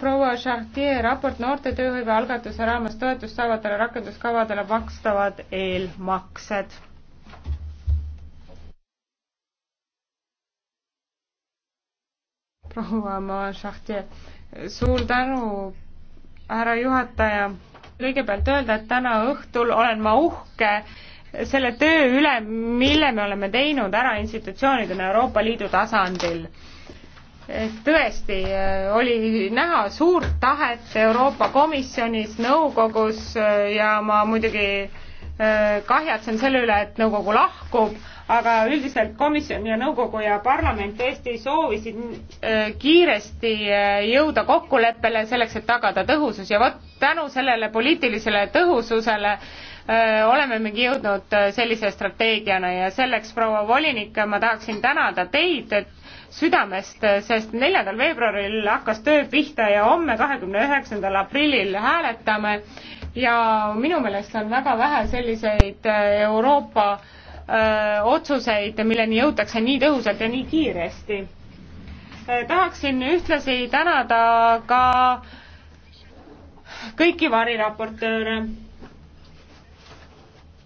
proua Chartier raport noorte tööhõive algatuse raames toetust saavatele rakenduskavadele makstavad eelmaksed. proua Maa Chartier, suur tänu, härra juhataja. kõigepealt öelda, et täna õhtul olen ma uhke selle töö üle, mille me oleme teinud ära institutsioonidena Euroopa Liidu tasandil tõesti äh, oli näha suurt tahet Euroopa Komisjonis, nõukogus äh, ja ma muidugi äh, kahjatsen selle üle, et nõukogu lahkub, aga üldiselt komisjon ja nõukogu ja parlament tõesti soovisid kiiresti jõuda kokkuleppele selleks, et tagada tõhusus ja vot tänu sellele poliitilisele tõhususele olemegi jõudnud sellise strateegiana ja selleks, proua volinik, ma tahaksin tänada teid, et südamest, sest neljandal veebruaril hakkas töö pihta ja homme, kahekümne üheksandal aprillil hääletame ja minu meelest on väga vähe selliseid äh, Euroopa öö, äh, otsuseid, milleni jõutakse nii tõhusalt ja nii kiiresti. Äh, tahaksin ühtlasi tänada ka kõiki variraportööre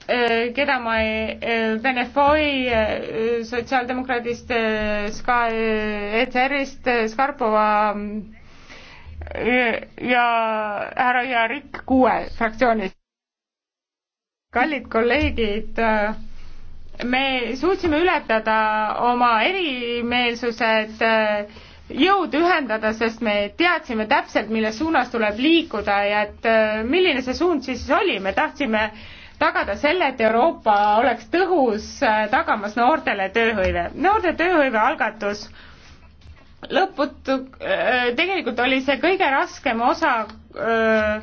Eh, keda ma ei, eh, Benefoi eh, sotsiaaldemokraadist, Ska-, ECR-ist, Skarpova ja härra Jarik Kuue fraktsioonist. kallid kolleegid, me suutsime ületada oma erimeelsused jõud ühendada, sest me teadsime täpselt, milles suunas tuleb liikuda ja et milline see suund siis oli, me tahtsime äh, tagada selle, et Euroopa oleks tõhus, äh, tagamas noortele tööhõive. noorte tööhõive algatus lõputu, äh, tegelikult oli see kõige raskem osa öö, äh,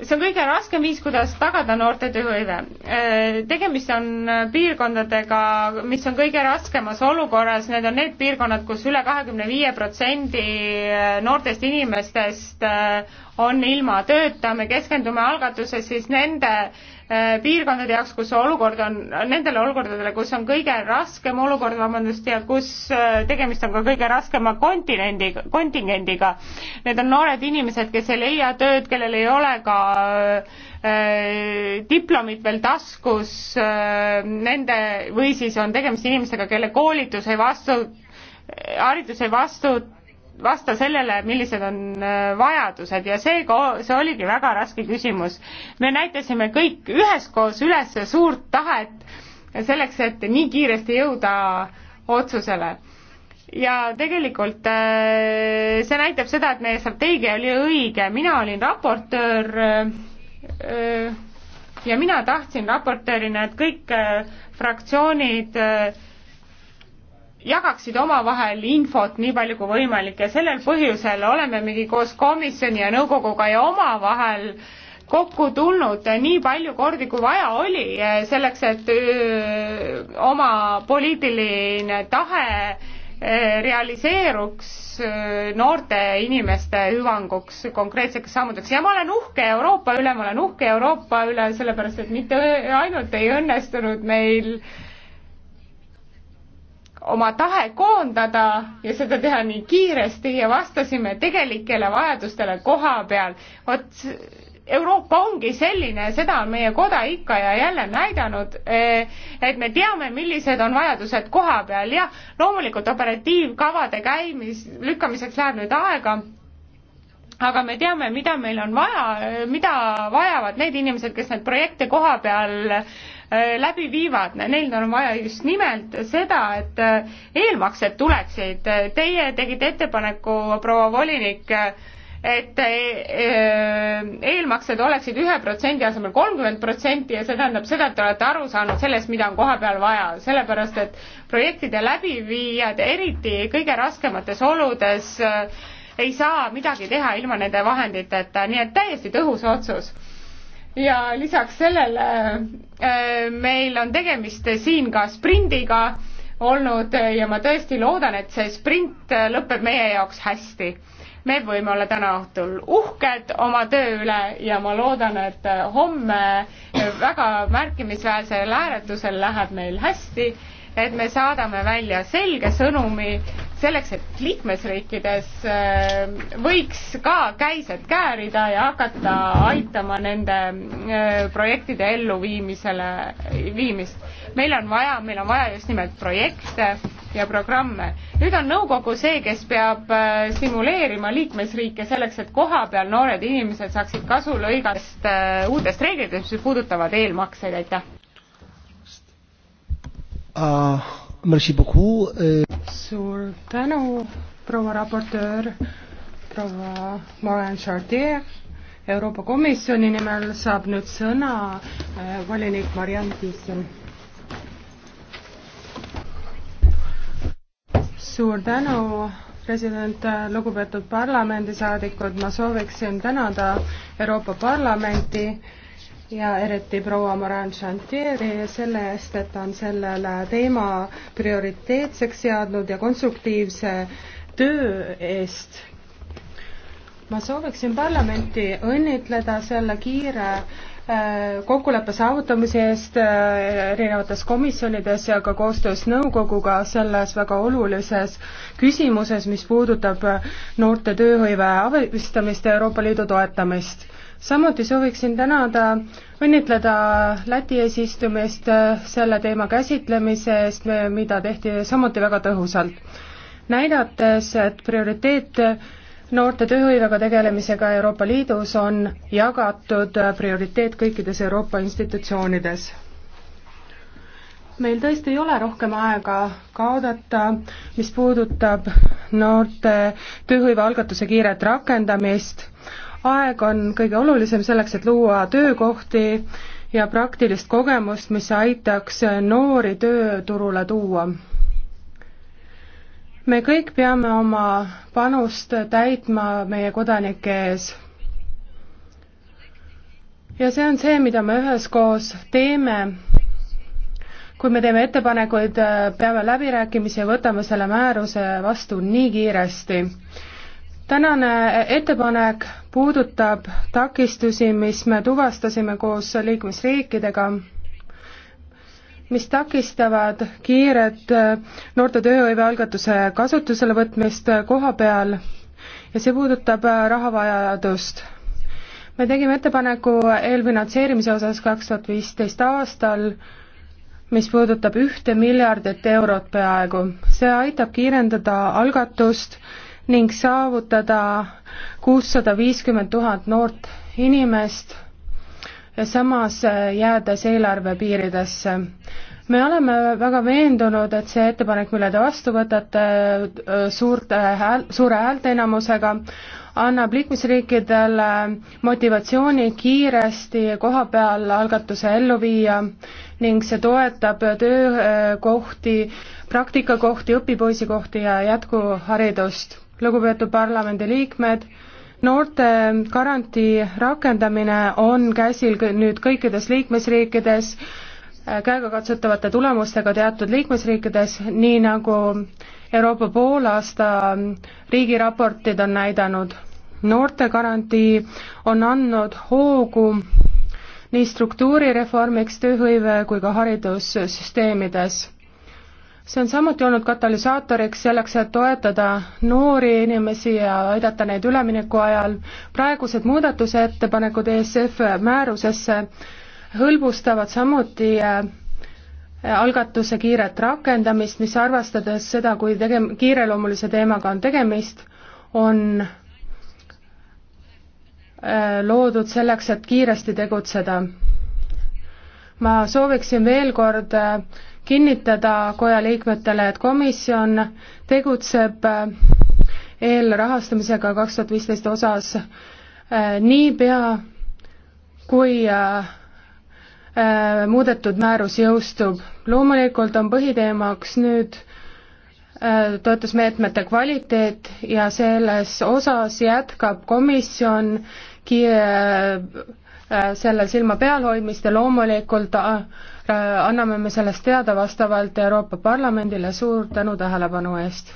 see on kõige raskem viis, kuidas tagada noorte tööhõive. tegemist on piirkondadega, mis on kõige raskemas olukorras, need on need piirkonnad, kus üle kahekümne viie protsendi noortest inimestest on ilma tööta, me keskendume algatuses siis nende äh, Äh, piirkondade jaoks, kus olukord on, nendele olukordadele, kus on kõige raskem olukord, vabandust, ja kus äh, tegemist on ka kõige raskema kontinendi, kontingendiga. Need on noored inimesed, kes ei leia tööd, kellel ei ole ka äh, diplomit veel taskus äh,, nende või siis on tegemist inimestega, kelle koolitus ei vastu haridus ei vastu vasta sellele, millised on äh, vajadused ja seega see oligi väga raske küsimus. me näitasime kõik üheskoos üles suurt tahet selleks, et nii kiiresti jõuda otsusele ja tegelikult äh, see näitab seda, et meie strateegia oli õige, mina olin raportöör äh, ja mina tahtsin raportöörina, et kõik fraktsioonid jagaksid omavahel infot nii palju kui võimalik ja sellel põhjusel olemegi koos komisjoni ja nõukoguga ja omavahel kokku tulnud nii palju kordi, kui vaja oli, selleks et öö, oma poliitiline tahe realiseeruks noorte inimeste hüvanguks konkreetseks sammudeks ja ma olen uhke Euroopa üle, ma olen uhke Euroopa üle, sellepärast et mitte ainult ei õnnestunud meil äh, oma tahe koondada ja seda teha nii kiiresti ja vastasime tegelikele vajadustele koha peal. vot Euroopa ongi selline, seda on meie koda ikka ja jälle näidanud, eh, et me teame, millised on vajadused koha peal, jah, loomulikult operatiivkavade käimis, lükkamiseks läheb nüüd aega, aga me teame, mida meil on vaja, eh, mida vajavad need inimesed, kes neid projekte koha peal Äh, läbi viivad, neil on vaja just nimelt seda, et äh, eelmaksed tuleksid. Teie tegite ettepaneku, proua volinik, et äh, eelmaksed oleksid ühe protsendi asemel kolmkümmend protsenti ja see tähendab seda, et te olete aru saanud sellest, mida on kohapeal vaja, sellepärast et projektide läbiviijad, eriti kõige raskemates oludes, ei saa midagi teha ilma nende vahenditeta, nii et täiesti tõhus otsus ja lisaks sellele äh, meil on tegemist siin ka sprindiga olnud ja ma tõesti loodan, et see sprint lõpeb meie jaoks hästi. me võime olla täna õhtul uhked oma töö üle ja ma loodan, et homme väga märkimisväärsel hääletusel läheb meil hästi et me saadame välja selge sõnumi selleks, et liikmesriikides äh, võiks ka käised käärida ja hakata aitama nende äh, projektide elluviimisele, viimist. meil on vaja, meil on vaja just nimelt projekte ja programme. nüüd on nõukogu see, kes peab äh, stimuleerima liikmesriike selleks, et kohapeal noored inimesed saaksid kasu lõigast uutest reeglitest, mis puudutavad eelmakseid, aitäh! Uh, merci beaucoup. Euh, suur tänu, proua raportöör, proua Maren Chartier. Euroopa Komisjoni nimel saab nüüd sõna äh, volinik Mariann Tiisson. suur tänu president, äh, lugupeetud parlamendisaadikud, ma sooviksin tänada Euroopa Parlamenti ja eriti proua Moran Chantieri selle eest, et ta on sellele teema prioriteetseks seadnud ja konstruktiivse töö eest. ma sooviksin parlamenti õnnitleda selle kiire äh, kokkuleppe saavutamise eest äh, erinevates komisjonides ja ka koostöös nõukoguga selles väga olulises küsimuses, mis puudutab äh, noorte tööhõive abistamist ja Euroopa Liidu toetamist samuti sooviksin tänada, õnnitleda Läti eesistumist äh, selle teema käsitlemise eest, mida tehti samuti väga tõhusalt. näidates, et prioriteet noorte tööhõivega tegelemisega Euroopa Liidus on jagatud prioriteet kõikides Euroopa institutsioonides meil tõesti ei ole rohkem aega kaotada, mis puudutab noorte tööhõivealgatuse kiiret rakendamist aeg on kõige olulisem selleks, et luua töökohti ja praktilist kogemust, mis aitaks noori tööturule tuua. me kõik peame oma panust täitma meie kodanike ees ja see on see, mida me üheskoos teeme. kui me teeme ettepanekuid, peame läbirääkimisi ja võtame selle määruse vastu nii kiiresti tänane ettepanek puudutab takistusi, mis me tuvastasime koos liikmesriikidega, mis takistavad kiiret äh, noorte tööhõive algatuse kasutusele võtmist äh, koha peal ja see puudutab äh, rahavajadust. me tegime ettepaneku eelfinantseerimise osas kaks tuhat viisteist aastal, mis puudutab ühte miljardit eurot peaaegu. see aitab kiirendada algatust, ning saavutada kuussada viiskümmend tuhat noort inimest ja samas eh, jäädes eelarve piiridesse. me oleme väga veendunud, et see ettepanek, mille te vastu võtate eh, suurte hääl, suure häälteenamusega, annab liikmesriikidele motivatsiooni kiiresti koha peal algatuse ellu viia ning see toetab töökohti, praktikakohti, õpipoisikohti ja jätkuharidust lugupeetud parlamendiliikmed, noorte garantii rakendamine on käsil nüüd kõikides liikmesriikides, äh, käegakatsutavate tulemustega teatud liikmesriikides, nii nagu Euroopa poolaasta riigiraportid on näidanud. noortegarantii on andnud hoogu nii struktuurireformiks, tööhõive kui ka haridussüsteemides see on samuti olnud katalüsaatoriks selleks, et toetada noori inimesi ja aidata neid ülemineku ajal. praegused muudatusettepanekud ESF määrusesse hõlbustavad samuti äh, algatuse kiiret rakendamist, mis arvestades seda, kui tege-, kiireloomulise teemaga on tegemist, on äh, loodud selleks, et kiiresti tegutseda. ma sooviksin veel kord äh, kinnitada koja liikmetele, et komisjon tegutseb äh, eelrahastamisega kaks tuhat viisteist osas äh, niipea, kui äh, muudetud määrus jõustub. loomulikult on põhiteemaks nüüd toetusmeetmete kvaliteet ja selles osas jätkab komisjon ki-, Äh, sellel silma peal hoidmist ja loomulikult äh, äh, anname me sellest teada vastavalt Euroopa Parlamendile, suur tänu tähelepanu eest!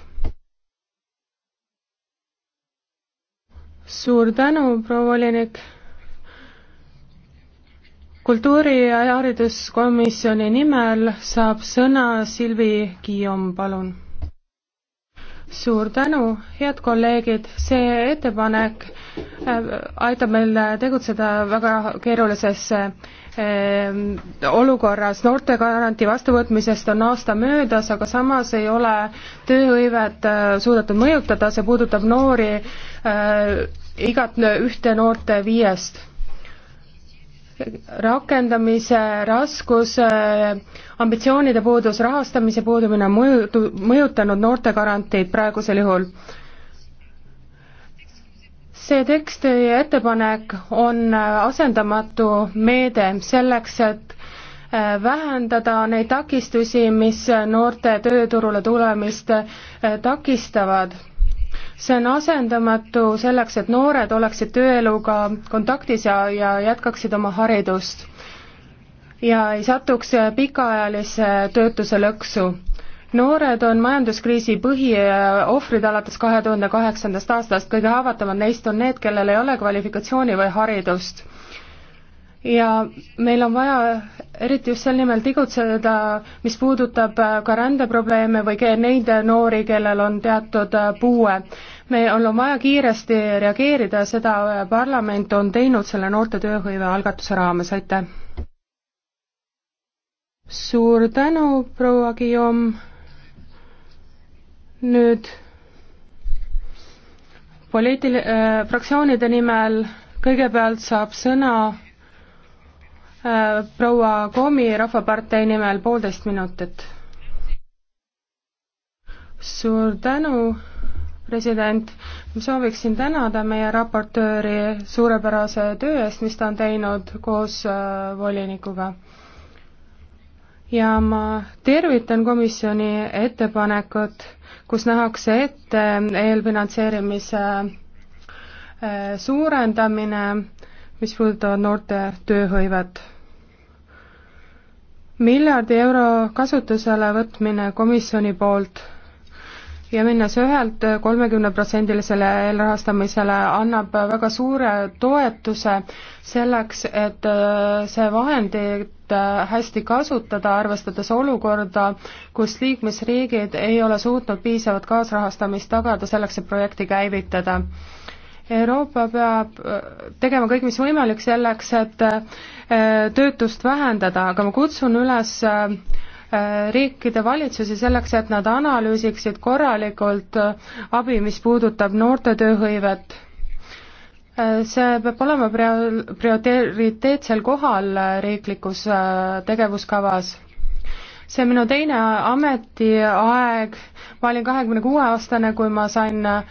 suur tänu, proua volinik! kultuuri- ja hariduskomisjoni nimel saab sõna Silvi Kiiom, palun. suur tänu, head kolleegid, see ettepanek Äh, aitab meil tegutseda väga keerulises äh, olukorras. noortegarantii vastuvõtmisest on aasta möödas, aga samas ei ole tööhõivet äh, suudetud mõjutada, see puudutab noori, igat ühte noorte viiest rakendamise raskus, ambitsioonide puudus, rahastamise puudumine on mõju, mõjutanud noortegarantiid praegusel juhul see tekst ja ettepanek on asendamatu meede selleks, et äh, vähendada neid takistusi, mis noorte tööturule tulemist äh, takistavad. see on asendamatu selleks, et noored oleksid tööeluga kontaktis ja, ja jätkaksid oma haridust ja ei satuks pikaajalise töötuse lõksu noored on majanduskriisi põhiohvrid alates kahe tuhande kaheksandast aastast, kõige haavatavamad neist on need, kellel ei ole kvalifikatsiooni või haridust. ja meil on vaja eriti just sel nimel tegutseda, mis puudutab äh, ka rändeprobleeme või neid noori, kellel on teatud äh, puue. meil on vaja kiiresti reageerida, seda äh, parlament on teinud selle noorte tööhõive algatuse raames, aitäh! suur tänu, proua Guillaume! nüüd poliitil- äh,, fraktsioonide nimel kõigepealt saab sõna äh, proua Komi Rahvapartei nimel poolteist minutit. suur tänu, president, ma sooviksin tänada meie raportööri suurepärase töö eest, mis ta on teinud koos äh, volinikuga ja ma tervitan komisjoni ettepanekut, kus nähakse ette eelfinantseerimise äh, suurendamine, mis puudutab noorte tööhõivet. miljardi euro kasutusele võtmine komisjoni poolt ja minnes ühelt kolmekümneprotsendilisele eelrahastamisele, annab väga suure toetuse selleks, et äh, see vahendid Äh, hästi kasutada, arvestades olukorda, kus liikmesriigid ei ole suutnud piisavat kaasrahastamist tagada selleks, et projekti käivitada. Euroopa peab äh, tegema kõik, mis võimalik selleks, et äh, töötust vähendada, aga ma kutsun üles riikide valitsusi selleks, et nad analüüsiksid korralikult abi, mis puudutab noorte tööhõivet see peab olema prea-, prioriteetsel kohal riiklikus äh, tegevuskavas. see on minu teine ametiaeg, ma olin kahekümne kuue aastane, kui ma sain äh,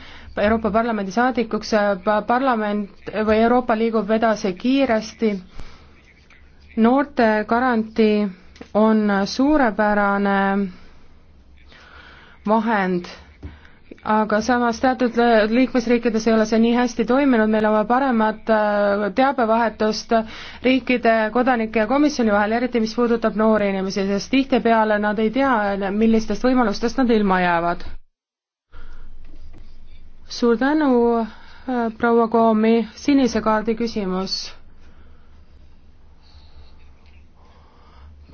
Euroopa Parlamendi saadikuks, äh, parlament või Euroopa liigub edasi kiiresti, noorte garantii on suurepärane vahend aga samas teatud liikmesriikides ei ole see nii hästi toiminud, meil on vaja paremat äh, teabevahetust riikide kodanike ja komisjoni vahel, eriti mis puudutab noori inimesi, sest tihtipeale nad ei tea, millistest võimalustest nad ilma jäävad. suur tänu, äh, proua Koomi, sinise kaardi küsimus.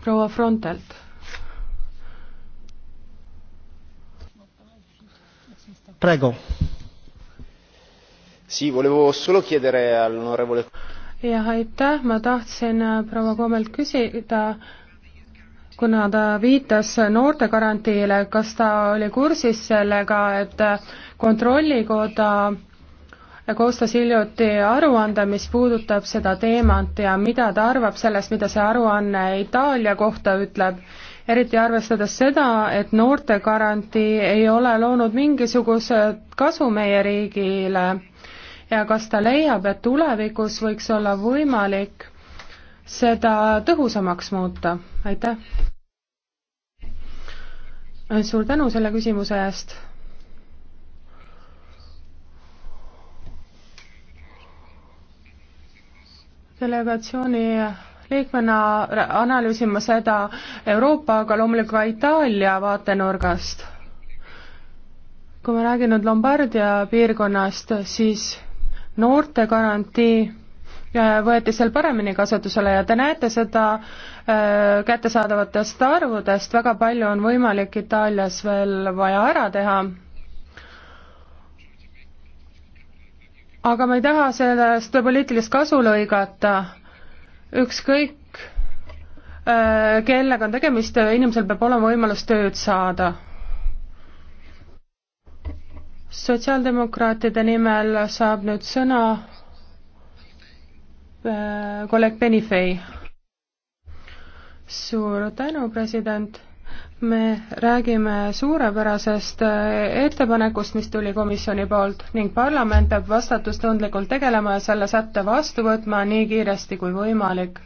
proua Frontelt jah, aitäh, ma tahtsin äh, proua Koomelt küsida, kuna ta viitas noortegarantiile, kas ta oli kursis sellega, et äh, Kontrollikoda koostas hiljuti aruande, mis puudutab seda teemat ja mida ta arvab sellest, mida see aruanne Itaalia kohta ütleb eriti arvestades seda, et noortegarantii ei ole loonud mingisugust kasu meie riigile ja kas ta leiab, et tulevikus võiks olla võimalik seda tõhusamaks muuta, aitäh! suur tänu selle küsimuse eest! delegatsiooni liikmena analüüsin ma seda Euroopa, aga loomulikult ka Itaalia vaatenurgast. kui ma räägin nüüd Lombardia piirkonnast, siis noorte garantii äh, võeti seal paremini kasutusele ja te näete seda äh, kättesaadavatest arvudest, väga palju on võimalik Itaalias veel vaja ära teha aga ma ei taha sellest poliitilist kasu lõigata ükskõik äh, kellega on tegemist, inimesel peab olema võimalus tööd saada. sotsiaaldemokraatide nimel saab nüüd sõna äh, kolleeg Benifei. suur tänu, president me räägime suurepärasest äh, ettepanekust, mis tuli komisjoni poolt ning parlament peab vastutustundlikult tegelema ja selle sätte vastu võtma nii kiiresti kui võimalik.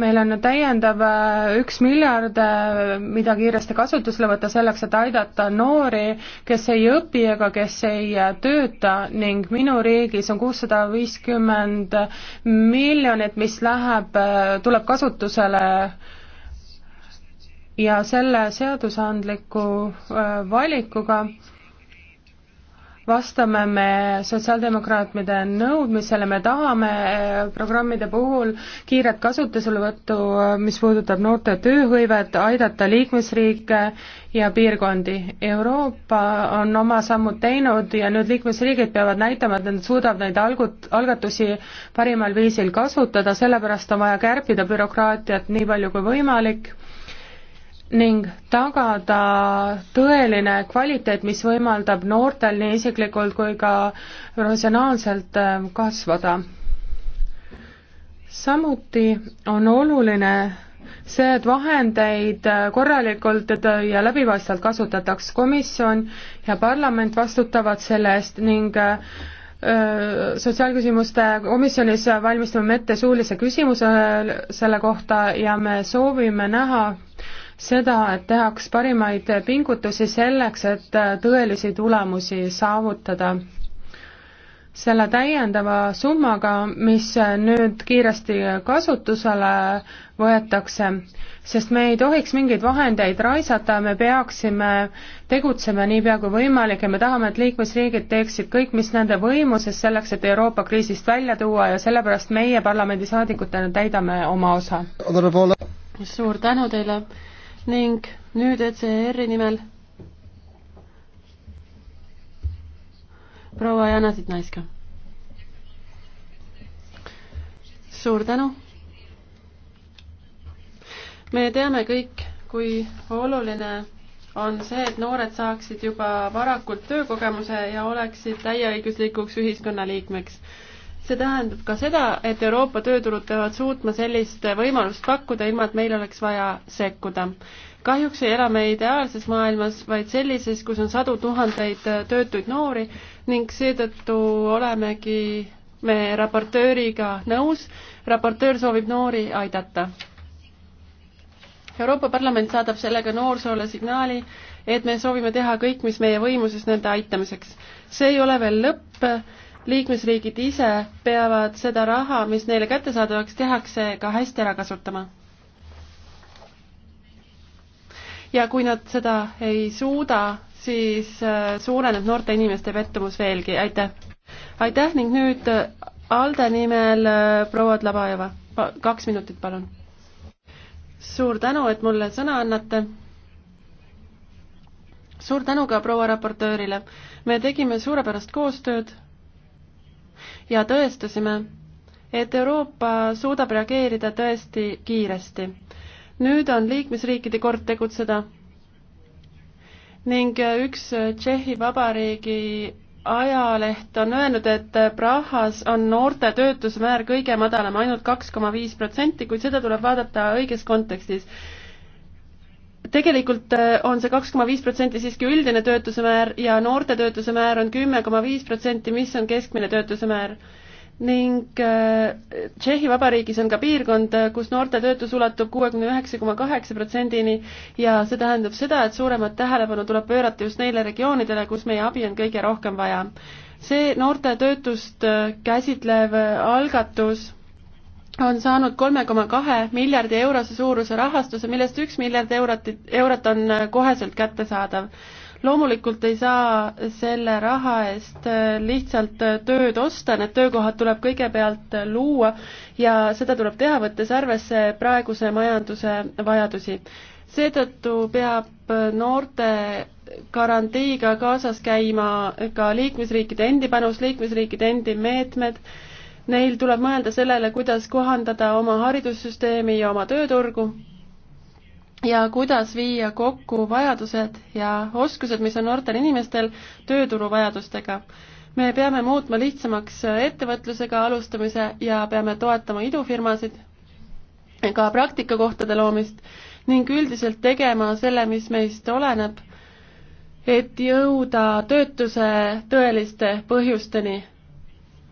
meil on täiendav äh, üks miljard, äh, mida kiiresti kasutusele võtta selleks, et aidata noori, kes ei õpi ega kes ei tööta ning minu riigis on kuussada viiskümmend miljonit, mis läheb, tuleb kasutusele ja selle seadusandliku äh, valikuga vastame me sotsiaaldemokraatide nõudmisele, me tahame äh, programmide puhul kiiret kasutuselevõttu, äh, mis puudutab noorte tööhõivet, aidata liikmesriike ja piirkondi. Euroopa on oma sammud teinud ja nüüd liikmesriigid peavad näitama, et nad suudavad neid algut-, algatusi parimal viisil kasutada, sellepärast on vaja kärpida bürokraatiat nii palju kui võimalik ning tagada tõeline kvaliteet, mis võimaldab noortel nii isiklikult kui ka professionaalselt ähm, kasvada. samuti on oluline see, et vahendeid äh, korralikult äh, ja läbipaistvalt kasutataks. komisjon ja parlament vastutavad selle eest ning äh, sotsiaalküsimuste komisjonis valmistame ette suulise küsimuse selle kohta ja me soovime näha seda, et tehaks parimaid pingutusi selleks, et tõelisi tulemusi saavutada. selle täiendava summaga, mis nüüd kiiresti kasutusele võetakse, sest me ei tohiks mingeid vahendeid raisata, me peaksime tegutsema niipea kui võimalik ja me tahame, et liikmesriigid teeksid kõik, mis nende võimuses, selleks et Euroopa kriisist välja tuua ja sellepärast meie parlamendisaadikutena täidame oma osa. suur tänu teile ning nüüd ECR-i nimel proua Jana Sitnaiska. suur tänu. me teame kõik, kui oluline on see, et noored saaksid juba varakult töökogemuse ja oleksid täieõiguslikuks ühiskonnaliikmeks see tähendab ka seda, et Euroopa tööturud peavad suutma sellist võimalust pakkuda, ilma et meil oleks vaja sekkuda. kahjuks ei ela me ideaalses maailmas, vaid sellises, kus on sadu tuhandeid töötuid noori ning seetõttu olemegi me raportööriga nõus, raportöör soovib noori aidata. Euroopa Parlament saadab sellega noorsoole signaali, et me soovime teha kõik, mis meie võimuses nende aitamiseks. see ei ole veel lõpp, liikmesriigid ise peavad seda raha, mis neile kättesaadavaks tehakse, ka hästi ära kasutama. ja kui nad seda ei suuda, siis äh, suureneb noorte inimeste pettumus veelgi, aitäh! aitäh ning nüüd äh, ALDE nimel äh, proua Tlabajeva, kaks minutit, palun! suur tänu, et mulle sõna annate suur tänu ka proua raportöörile. me tegime suurepärast koostööd ja tõestasime, et Euroopa suudab reageerida tõesti kiiresti. nüüd on liikmesriikide kord tegutseda ning üks Tšehhi Vabariigi ajaleht on öelnud, et Prahas on noorte töötuse määr kõige madalam, ainult kaks koma viis protsenti, kuid seda tuleb vaadata õiges kontekstis tegelikult äh, on see kaks koma viis protsenti siiski üldine töötuse määr ja noorte töötuse määr on kümme koma viis protsenti, mis on keskmine töötuse määr. ning äh, Tšehhi Vabariigis on ka piirkond, äh, kus noorte töötus ulatub kuuekümne üheksa koma kaheksa protsendini ja see tähendab seda, et suuremat tähelepanu tuleb pöörata just neile regioonidele, kus meie abi on kõige rohkem vaja. see noorte töötust käsitlev algatus on saanud kolme koma kahe miljardi eurose suuruse rahastuse, millest üks miljard eurot, eurot on äh, koheselt kättesaadav. loomulikult ei saa selle raha eest äh, lihtsalt äh, tööd osta, need töökohad tuleb kõigepealt luua ja seda tuleb teha, võttes arvesse praeguse majanduse vajadusi. seetõttu peab noorte garantiiga kaasas käima ka liikmesriikide endi panus, liikmesriikide endi meetmed Neil tuleb mõelda sellele, kuidas kohandada oma haridussüsteemi ja oma tööturgu ja kuidas viia kokku vajadused ja oskused, mis on noortel inimestel, tööturu vajadustega. me peame muutma lihtsamaks ettevõtlusega alustamise ja peame toetama idufirmasid, ka praktikakohtade loomist ning üldiselt tegema selle, mis meist oleneb, et jõuda töötuse tõeliste põhjusteni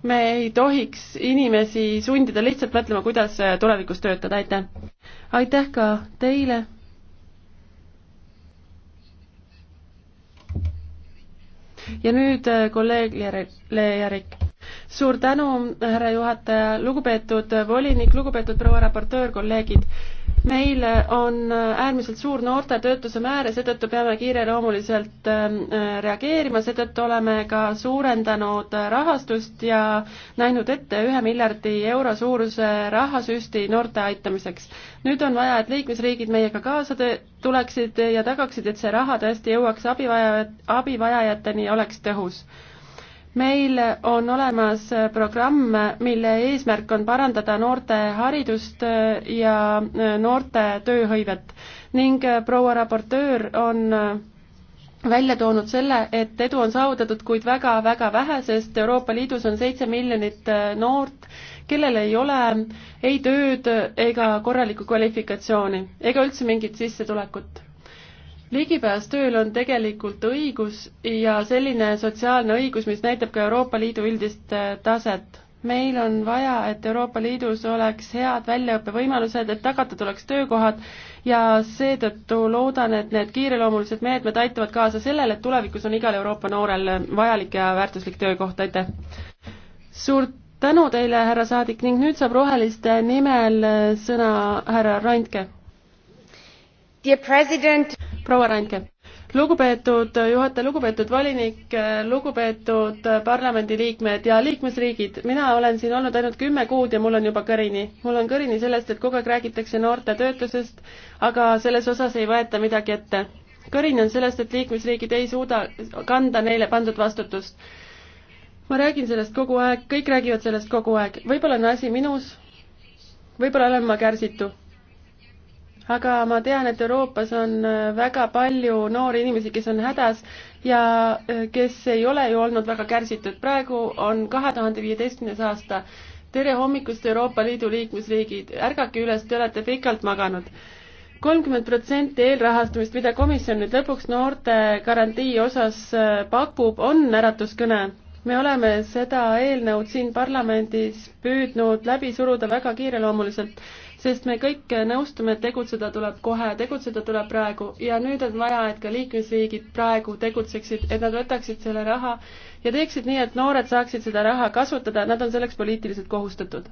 me ei tohiks inimesi sundida lihtsalt mõtlema, kuidas tulevikus töötada, aitäh! aitäh ka teile! ja nüüd äh, kolleeg Leejarik. suur tänu, härra juhataja, lugupeetud volinik, lugupeetud proua raportöör, kolleegid! meil on äärmiselt suur noorte töötuse määr ja seetõttu peame kiireloomuliselt ähm, äh, reageerima, seetõttu oleme ka suurendanud rahastust ja näinud ette ühe miljardi euro suuruse rahasüsti noorte aitamiseks. nüüd on vaja, et liikmesriigid meiega kaasa tuleksid ja tagaksid, et see raha tõesti jõuaks abivajaja, abivajajateni ja oleks tõhus meil on olemas programm, mille eesmärk on parandada noorte haridust ja noorte tööhõivet ning proua raportöör on välja toonud selle, et edu on saavutatud, kuid väga-väga vähe, sest Euroopa Liidus on seitse miljonit noort, kellel ei ole ei tööd ega korralikku kvalifikatsiooni ega üldse mingit sissetulekut ligipääs tööl on tegelikult õigus ja selline sotsiaalne õigus, mis näitab ka Euroopa Liidu üldist äh, taset. meil on vaja, et Euroopa Liidus oleks head väljaõppevõimalused, et tagatud oleks töökohad ja seetõttu loodan, et need kiireloomulised meetmed aitavad kaasa sellele, et tulevikus on igal Euroopa noorel vajalik ja väärtuslik töökoht, aitäh! suur tänu teile, härra saadik, ning nüüd saab Roheliste nimel äh, sõna härra Randke proua Randke, lugupeetud juhataja, lugupeetud volinik, lugupeetud parlamendiliikmed ja liikmesriigid, mina olen siin olnud ainult kümme kuud ja mul on juba kõrini. mul on kõrini sellest, et kogu aeg räägitakse noorte töötusest, aga selles osas ei võeta midagi ette. kõrini on sellest, et liikmesriigid ei suuda kanda neile pandud vastutust. ma räägin sellest kogu aeg, kõik räägivad sellest kogu aeg, võib-olla on asi minus, võib-olla olen ma kärsitu aga ma tean, et Euroopas on äh, väga palju noori inimesi, kes on hädas ja äh, kes ei ole ju olnud väga kärsitud. praegu on kahe tuhande viieteistkümnes aasta. tere hommikust, Euroopa Liidu liikmesriigid, ärgake üles, te olete pikalt maganud kolmkümmend protsenti eelrahastamist, mida komisjon nüüd lõpuks noorte garantii osas äh, pakub, on äratuskõne. me oleme seda eelnõud siin parlamendis püüdnud läbi suruda väga kiireloomuliselt sest me kõik nõustume, et tegutseda tuleb kohe, tegutseda tuleb praegu ja nüüd on vaja, et ka liikmesriigid praegu tegutseksid, et nad võtaksid selle raha ja teeksid nii, et noored saaksid seda raha kasutada, nad on selleks poliitiliselt kohustatud.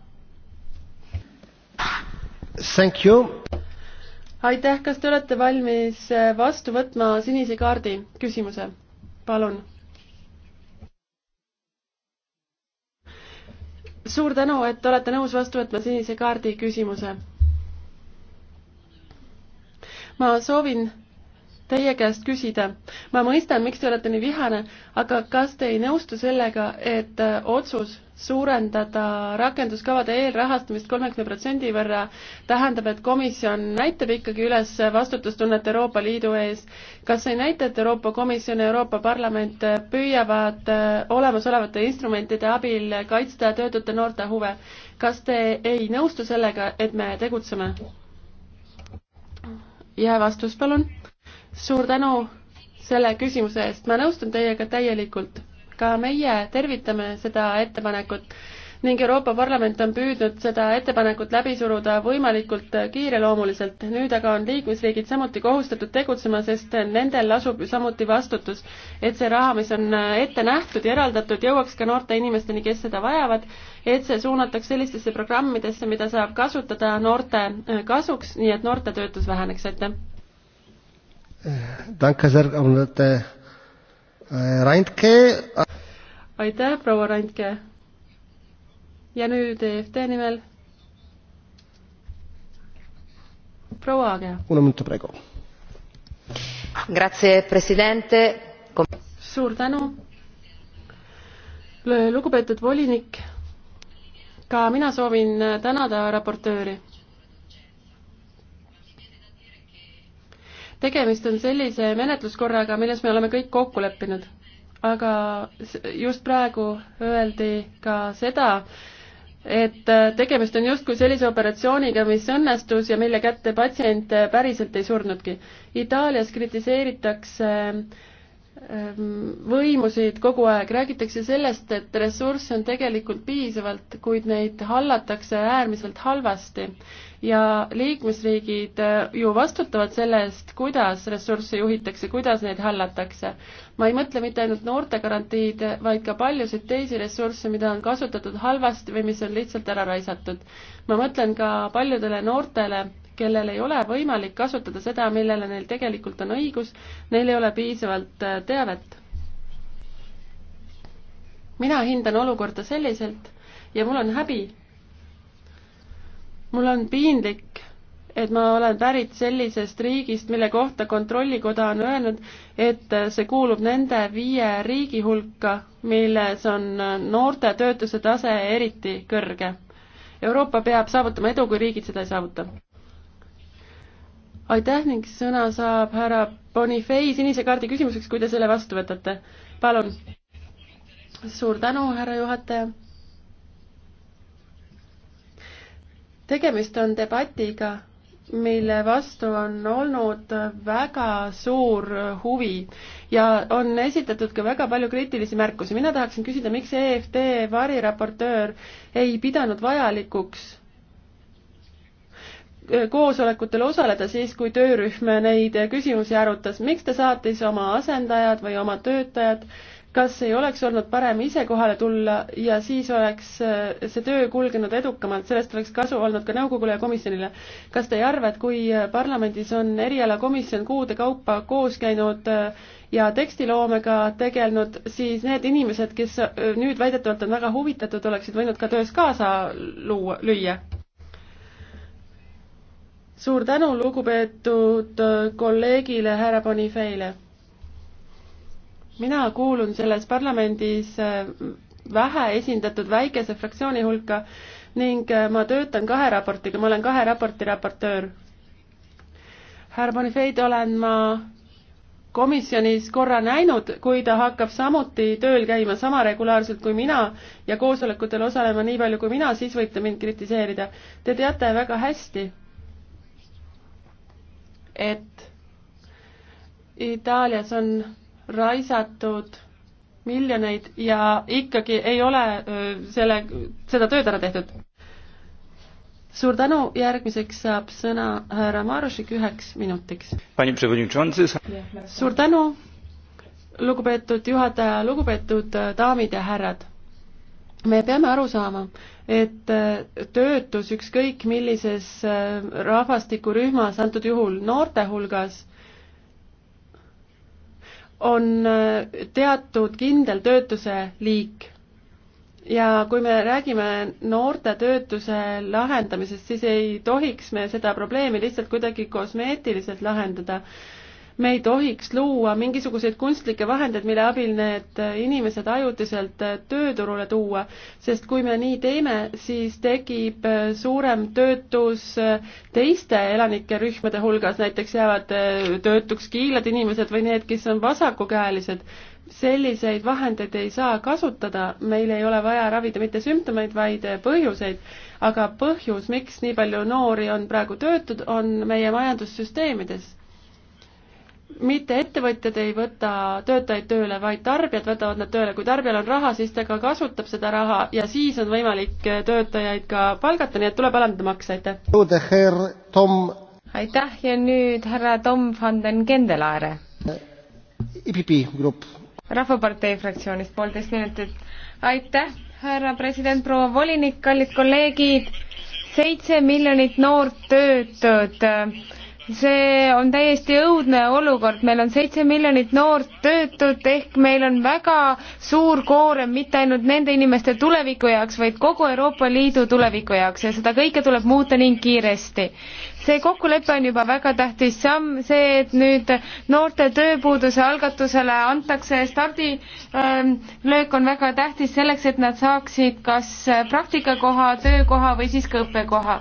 Thank you. aitäh, kas te olete valmis vastu võtma sinise kaardi küsimuse? palun suur tänu, et olete nõus vastu võtma sinise kaardi küsimuse. ma soovin teie käest küsida. ma mõistan, miks te olete nii vihane, aga kas te ei nõustu sellega, et äh, otsus suurendada rakenduskavade eelrahastamist kolmekümne protsendi võrra tähendab, et komisjon näitab ikkagi üles vastutustunnet Euroopa Liidu ees. kas ei näita, et Euroopa Komisjon ja Euroopa Parlament äh, püüavad äh, olemasolevate instrumentide abil kaitsta töötute noorte huve? kas te ei nõustu sellega, et me tegutseme? ja vastus, palun suur tänu selle küsimuse eest, ma nõustun teiega täielikult. ka meie tervitame seda ettepanekut ning Euroopa Parlament on püüdnud seda ettepanekut läbi suruda võimalikult kiireloomuliselt. nüüd aga on liikmesriigid samuti kohustatud tegutsema, sest nendel lasub ju samuti vastutus, et see raha, mis on ette nähtud ja eraldatud, jõuaks ka noorte inimesteni, kes seda vajavad, et see suunataks sellistesse programmidesse, mida saab kasutada noorte kasuks, nii et noorte töötus väheneks, aitäh! Danke sehr, Amnete äh, Randke. aitäh, proua Randke. ja nüüd EFT nimel. proua Aage. una minuta praegu. Grazie, president. suur tänu. lugupeetud volinik, ka mina soovin tänada raportööri tegemist on sellise menetluskorraga, milles me oleme kõik kokku leppinud. aga just praegu öeldi ka seda, et äh, tegemist on justkui sellise operatsiooniga, mis õnnestus ja mille kätte patsient äh, päriselt ei surnudki. Itaalias kritiseeritakse ähm, võimusid kogu aeg, räägitakse sellest, et ressursse on tegelikult piisavalt, kuid neid hallatakse äärmiselt halvasti ja liikmesriigid äh, ju vastutavad selle eest, kuidas ressursse juhitakse, kuidas neid hallatakse. ma ei mõtle mitte ainult noortegarantiid, vaid ka paljusid teisi ressursse, mida on kasutatud halvasti või mis on lihtsalt ära raisatud. ma mõtlen ka paljudele noortele, kellel ei ole võimalik kasutada seda, millele neil tegelikult on õigus, neil ei ole piisavalt äh, teavet. mina hindan olukorda selliselt ja mul on häbi, mul on piinlik, et ma olen pärit sellisest riigist, mille kohta Kontrollikoda on öelnud, et see kuulub nende viie riigi hulka, milles on noorte töötuse tase eriti kõrge. Euroopa peab saavutama edu, kui riigid seda ei saavuta. aitäh ning sõna saab härra Bonifei sinise kaardi küsimuseks, kui te selle vastu võtate. palun. suur tänu, härra juhataja tegemist on debatiga, mille vastu on olnud väga suur huvi ja on esitatud ka väga palju kriitilisi märkusi. mina tahaksin küsida, miks EFD variraportöör ei pidanud vajalikuks koosolekutel osaleda siis, kui töörühm neid küsimusi arutas, miks ta saatis oma asendajad või oma töötajad kas ei oleks olnud parem ise kohale tulla ja siis oleks äh, see töö kulgenud edukamalt, sellest oleks kasu olnud ka nõukogule ja komisjonile. kas te ei arva, et kui äh, parlamendis on erialakomisjon kuude kaupa koos käinud äh, ja tekstiloomega tegelenud, siis need inimesed, kes nüüd väidetavalt on väga huvitatud, oleksid võinud ka töös kaasa luua, lüüa? suur tänu lugupeetud kolleegile härra Bonifeile mina kuulun selles parlamendis äh, vähe esindatud väikese fraktsiooni hulka ning äh, ma töötan kahe raportiga, ma olen kahe raporti raportöör. härra Bonifeid olen ma komisjonis korra näinud, kui ta hakkab samuti tööl käima sama regulaarselt kui mina ja koosolekutel osalema nii palju kui mina, siis võib ta mind kritiseerida. Te teate väga hästi, et Itaalias on raisatud miljoneid ja ikkagi ei ole selle, seda tööd ära tehtud. suur tänu, järgmiseks saab sõna härra Marušik üheks minutiks. suur tänu, lugupeetud juhataja, lugupeetud daamid ja härrad. me peame aru saama, et töötus ükskõik millises rahvastikurühmas, antud juhul noorte hulgas, on äh, teatud kindel töötuse liik. ja kui me räägime noorte töötuse lahendamisest, siis ei tohiks me seda probleemi lihtsalt kuidagi kosmeetiliselt lahendada me ei tohiks luua mingisuguseid kunstlikke vahendeid, mille abil need inimesed ajutiselt tööturule tuua, sest kui me nii teeme, siis tekib suurem töötus teiste elanike rühmade hulgas, näiteks jäävad töötuks kiilad inimesed või need, kes on vasakukäelised. selliseid vahendeid ei saa kasutada, meil ei ole vaja ravida mitte sümptomeid, vaid põhjuseid aga põhjus, miks nii palju noori on praegu töötud, on meie majandussüsteemides mitte ettevõtjad ei võta töötajaid tööle, vaid tarbijad võtavad nad tööle, kui tarbijal on raha, siis ta ka kasutab seda raha ja siis on võimalik töötajaid ka palgata, nii et tuleb alandada makse, aitäh. aitäh ja nüüd härra Tom van den Kendelaere. rahvapartei fraktsioonist poolteist minutit. aitäh, härra president, proua volinik, kallid kolleegid, seitse miljonit noort töötut see on täiesti õudne olukord, meil on seitse miljonit noort töötut, ehk meil on väga suur koorem mitte ainult nende inimeste tuleviku jaoks, vaid kogu Euroopa Liidu tuleviku jaoks ja seda kõike tuleb muuta ning kiiresti. see kokkulepe on juba väga tähtis samm, see, et nüüd noorte tööpuuduse algatusele antakse stardilöök ähm, on väga tähtis selleks, et nad saaksid kas praktikakoha, töökoha või siis ka õppekoha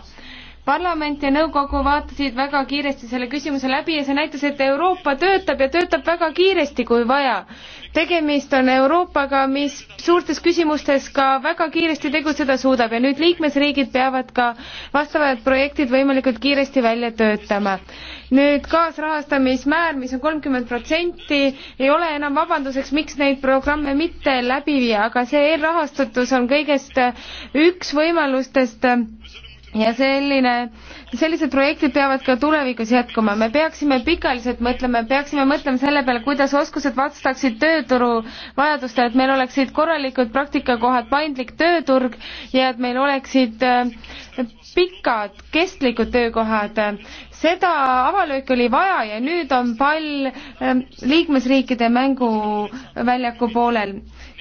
parlament ja nõukogu vaatasid väga kiiresti selle küsimuse läbi ja see näitas, et Euroopa töötab ja töötab väga kiiresti, kui vaja. tegemist on Euroopaga, mis suurtes küsimustes ka väga kiiresti tegutseda suudab ja nüüd liikmesriigid peavad ka vastavad projektid võimalikult kiiresti välja töötama. nüüd kaasrahastamismäär, mis on kolmkümmend protsenti, ei ole enam vabanduseks, miks neid programme mitte läbi viia, aga see eelrahastatus on kõigest üks võimalustest ja selline, sellised projektid peavad ka tulevikus jätkuma, me peaksime pikaliselt mõtlema, peaksime mõtlema selle peale, kuidas oskused vastaksid tööturu vajadustele, et meil oleksid korralikud praktikakohad, paindlik tööturg ja et meil oleksid äh, pikad kestlikud töökohad seda avalööki oli vaja ja nüüd on pall ähm, liikmesriikide mänguväljaku poolel.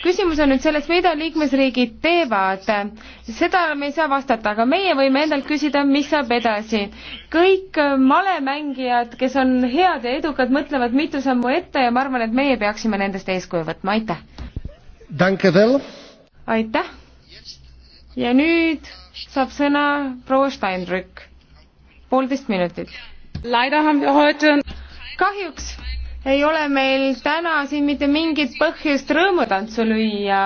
küsimus on nüüd selles, mida liikmesriigid teevad. seda me ei saa vastata, aga meie võime endalt küsida, mis saab edasi. kõik malemängijad, kes on head ja edukad, mõtlevad mitu sammu ette ja ma arvan, et meie peaksime nendest eeskuju võtma, aitäh! aitäh! ja nüüd saab sõna proua Steinrück poolteist minutit. kahjuks ei ole meil täna siin mitte mingit põhjust rõõmutantsu lüüa,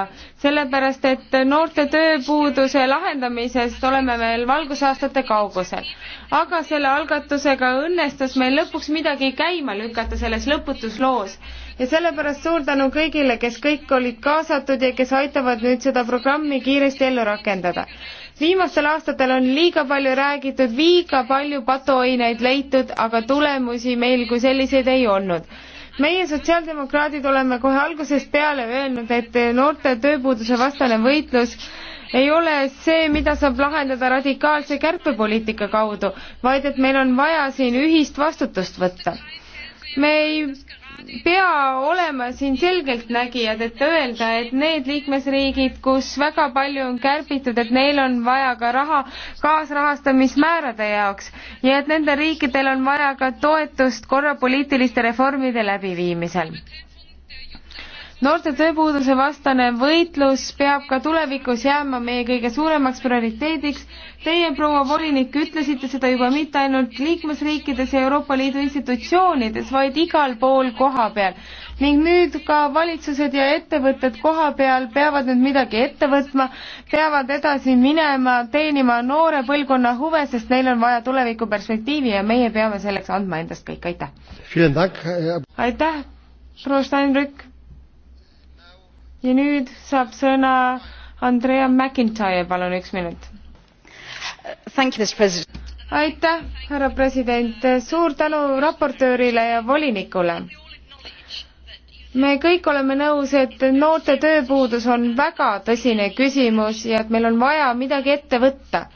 sellepärast et noorte tööpuuduse lahendamisest oleme veel valgusaastate kaugusel. aga selle algatusega õnnestus meil lõpuks midagi käima lükata selles lõputus loos ja sellepärast suur tänu kõigile, kes kõik olid kaasatud ja kes aitavad nüüd seda programmi kiiresti ellu rakendada. viimastel aastatel on liiga palju räägitud, liiga palju patuoineid leitud, aga tulemusi meil kui selliseid ei olnud meie sotsiaaldemokraadid oleme kohe algusest peale öelnud, et noorte tööpuuduse vastane võitlus ei ole see, mida saab lahendada radikaalse kärpepoliitika kaudu, vaid et meil on vaja siin ühist vastutust võtta. me ei pea olema siin selgeltnägijad, et öelda, et need liikmesriigid, kus väga palju on kärbitud, et neil on vaja ka raha kaasrahastamismäärade jaoks ja et nendel riikidel on vaja ka toetust korra poliitiliste reformide läbiviimisel noorte tööpuuduse vastane võitlus peab ka tulevikus jääma meie kõige suuremaks prioriteediks. Teie, proua volinik, ütlesite seda juba mitte ainult liikmesriikides ja Euroopa Liidu institutsioonides, vaid igal pool koha peal. ning nüüd ka valitsused ja ettevõtted koha peal peavad nüüd midagi ette võtma, peavad edasi minema, teenima noore põlvkonna huve, sest neil on vaja tulevikuperspektiivi ja meie peame selleks andma endast kõik, aitäh! aitäh, proua Steinrück! ja nüüd saab sõna Andrea McIntyre, palun üks minut. aitäh, härra president, suur tänu raportöörile ja volinikule me kõik oleme nõus, et noorte tööpuudus on väga tõsine küsimus ja et meil on vaja midagi ette võtta.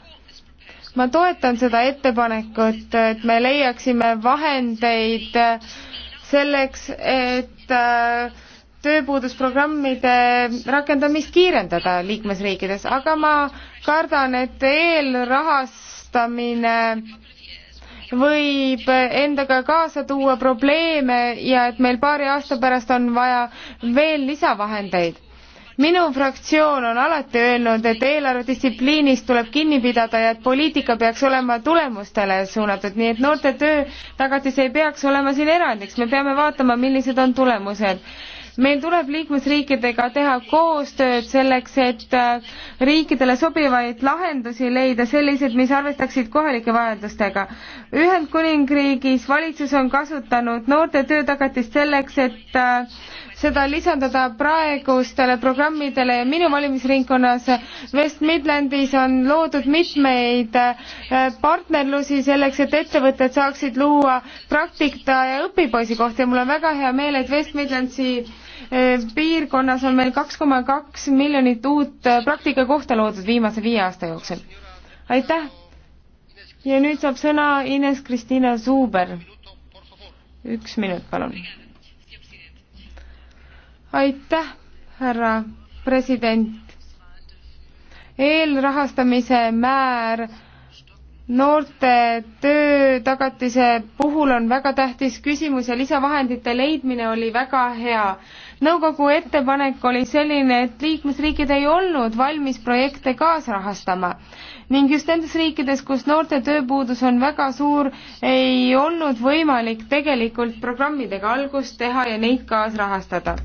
ma toetan seda ettepanekut, et me leiaksime vahendeid selleks, et äh, tööpuudusprogrammide rakendamist kiirendada liikmesriikides, aga ma kardan, et eelrahastamine võib endaga kaasa tuua probleeme ja et meil paari aasta pärast on vaja veel lisavahendeid. minu fraktsioon on alati öelnud, et eelarvedistsipliinist tuleb kinni pidada ja et poliitika peaks olema tulemustele suunatud, nii et noorte töötagatis ei peaks olema siin erandiks, me peame vaatama, millised on tulemused meil tuleb liikmesriikidega teha koostööd selleks, et äh, riikidele sobivaid lahendusi leida, selliseid, mis arvestaksid kohalike vajadustega. Ühendkuningriigis valitsus on kasutanud noorte töötagatist selleks, et äh, seda lisandada praegustele programmidele ja minu valimisringkonnas West Midlandis on loodud mitmeid äh, partnerlusi selleks, et ettevõtted saaksid luua praktika ja õpipoisikohti ja mul on väga hea meel, et West Midlandsi piirkonnas on meil kaks koma kaks miljonit uut äh, praktikakohta loodud viimase viie aasta jooksul. aitäh! ja nüüd saab sõna Ines Kristiina Zuber. üks minut, palun. aitäh, härra president. eelrahastamise määr noorte töötagatise puhul on väga tähtis küsimus ja lisavahendite leidmine oli väga hea. nõukogu ettepanek oli selline, et liikmesriigid ei olnud valmis projekte kaasrahastama ning just nendes riikides, kus noorte tööpuudus on väga suur, ei olnud võimalik tegelikult programmidega algust teha ja neid kaasrahastada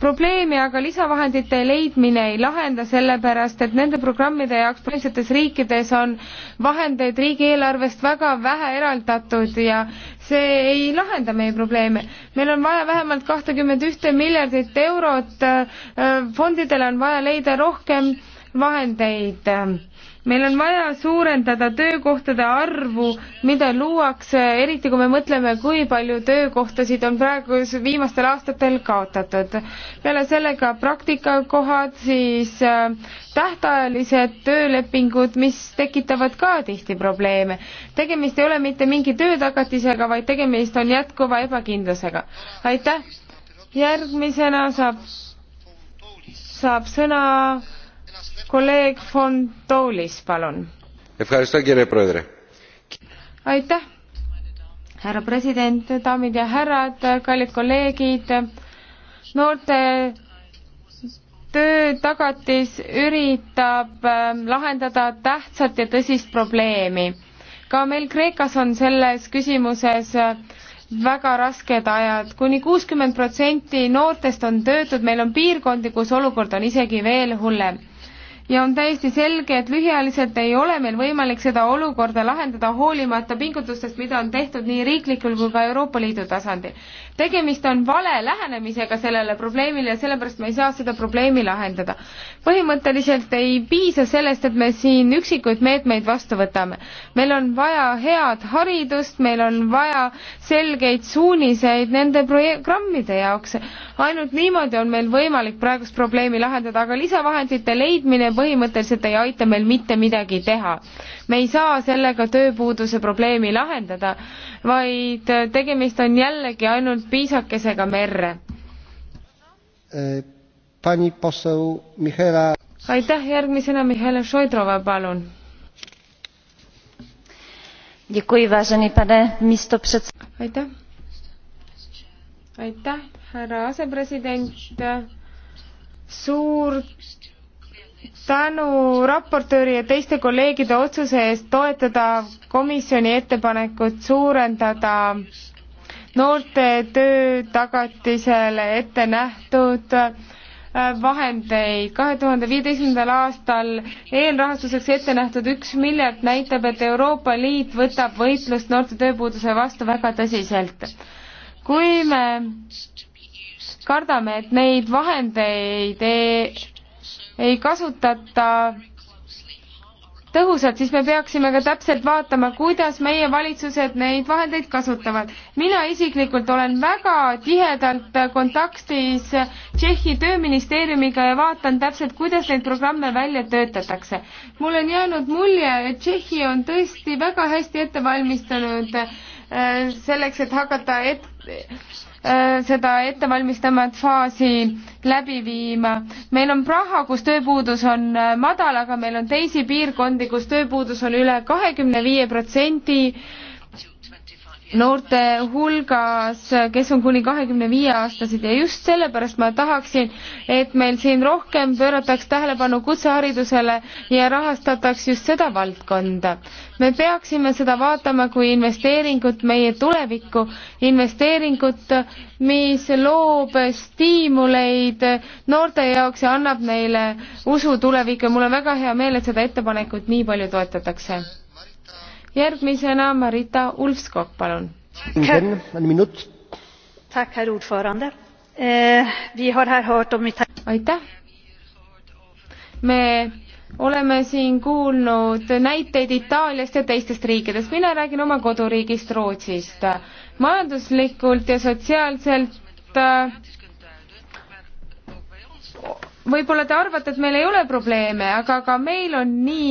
probleemi aga lisavahendite leidmine ei lahenda, sellepärast et nende programmide jaoks põhilisetes riikides on vahendeid riigieelarvest väga vähe eraldatud ja see ei lahenda meie probleeme. meil on vaja vähemalt kahtekümmet ühte miljardit eurot, äh, fondidele on vaja leida rohkem vahendeid meil on vaja suurendada töökohtade arvu, mida luuakse, eriti kui me mõtleme, kui palju töökohtasid on praegu viimastel aastatel kaotatud. peale sellega praktikakohad, siis äh, tähtajalised töölepingud, mis tekitavad ka tihti probleeme. tegemist ei ole mitte mingi töötagatisega, vaid tegemist on jätkuva ebakindlusega. aitäh! järgmisena saab, saab sõna kolleeg Fontoulis, palun. aitäh, härra president, daamid ja härrad, kallid kolleegid. noorte töötagatis üritab ähm, lahendada tähtsat ja tõsist probleemi. ka meil Kreekas on selles küsimuses äh, väga rasked ajad kuni, kuni kuuskümmend protsenti noortest on töötud, meil on piirkondi, kus olukord on isegi veel hullem ja on täiesti selge, et lühiajaliselt ei ole meil võimalik seda olukorda lahendada hoolimata pingutustest, mida on tehtud nii riiklikul kui ka Euroopa Liidu tasandil. tegemist on vale lähenemisega sellele probleemile ja sellepärast me ei saa seda probleemi lahendada. põhimõtteliselt ei piisa sellest, et me siin üksikuid meetmeid vastu võtame. meil on vaja head haridust, meil on vaja selgeid suuniseid nende programmide jaoks. ainult niimoodi on meil võimalik praegust probleemi lahendada, aga lisavahendite leidmine põhimõtteliselt ei aita meil mitte midagi teha. me ei saa sellega tööpuuduse probleemi lahendada, vaid tegemist on jällegi ainult piisakesega merre. aitäh, järgmisena Mihhail Šoidrova, palun. aitäh. aitäh, härra asepresident suurt tänu raportööri ja teiste kolleegide otsuse eest toetada komisjoni ettepanekut suurendada noorte töötagatisele ette nähtud äh, vahendeid. kahe tuhande viieteistkümnendal aastal eelrahastuseks ette nähtud üks miljard näitab, et Euroopa Liit võtab võitlust noorte tööpuuduse vastu väga tõsiselt. kui me kardame, et neid vahendeid ei ei kasutata tõhusalt, siis me peaksime ka täpselt vaatama, kuidas meie valitsused neid vahendeid kasutavad. mina isiklikult olen väga tihedalt kontaktis Tšehhi tööministeeriumiga ja vaatan täpselt, kuidas neid programme välja töötatakse. mul on jäänud mulje, et Tšehhi on tõesti väga hästi ette valmistanud äh, selleks, et hakata et-, Äh, seda ettevalmistavat faasi läbi viima. meil on Praha, kus tööpuudus on äh, madal, aga meil on teisi piirkondi, kus tööpuudus on üle kahekümne viie protsendi noorte hulgas, kes on kuni kahekümne viie aastased ja just sellepärast ma tahaksin, et meil siin rohkem pöörataks tähelepanu kutseharidusele ja rahastataks just seda valdkonda. me peaksime seda vaatama kui investeeringut meie tulevikku, investeeringut, mis loob stiimuleid noorte jaoks ja annab neile usu tulevikku ja mul on väga hea meel, et seda ettepanekut nii palju toetatakse järgmisena Marita Ulfskog, palun. Eh, aitäh. me oleme siin kuulnud näiteid Itaaliast ja teistest riikidest, mina räägin oma koduriigist Rootsist. majanduslikult ja sotsiaalselt eh, võib-olla te arvate, et meil ei ole probleeme, aga ka meil on nii,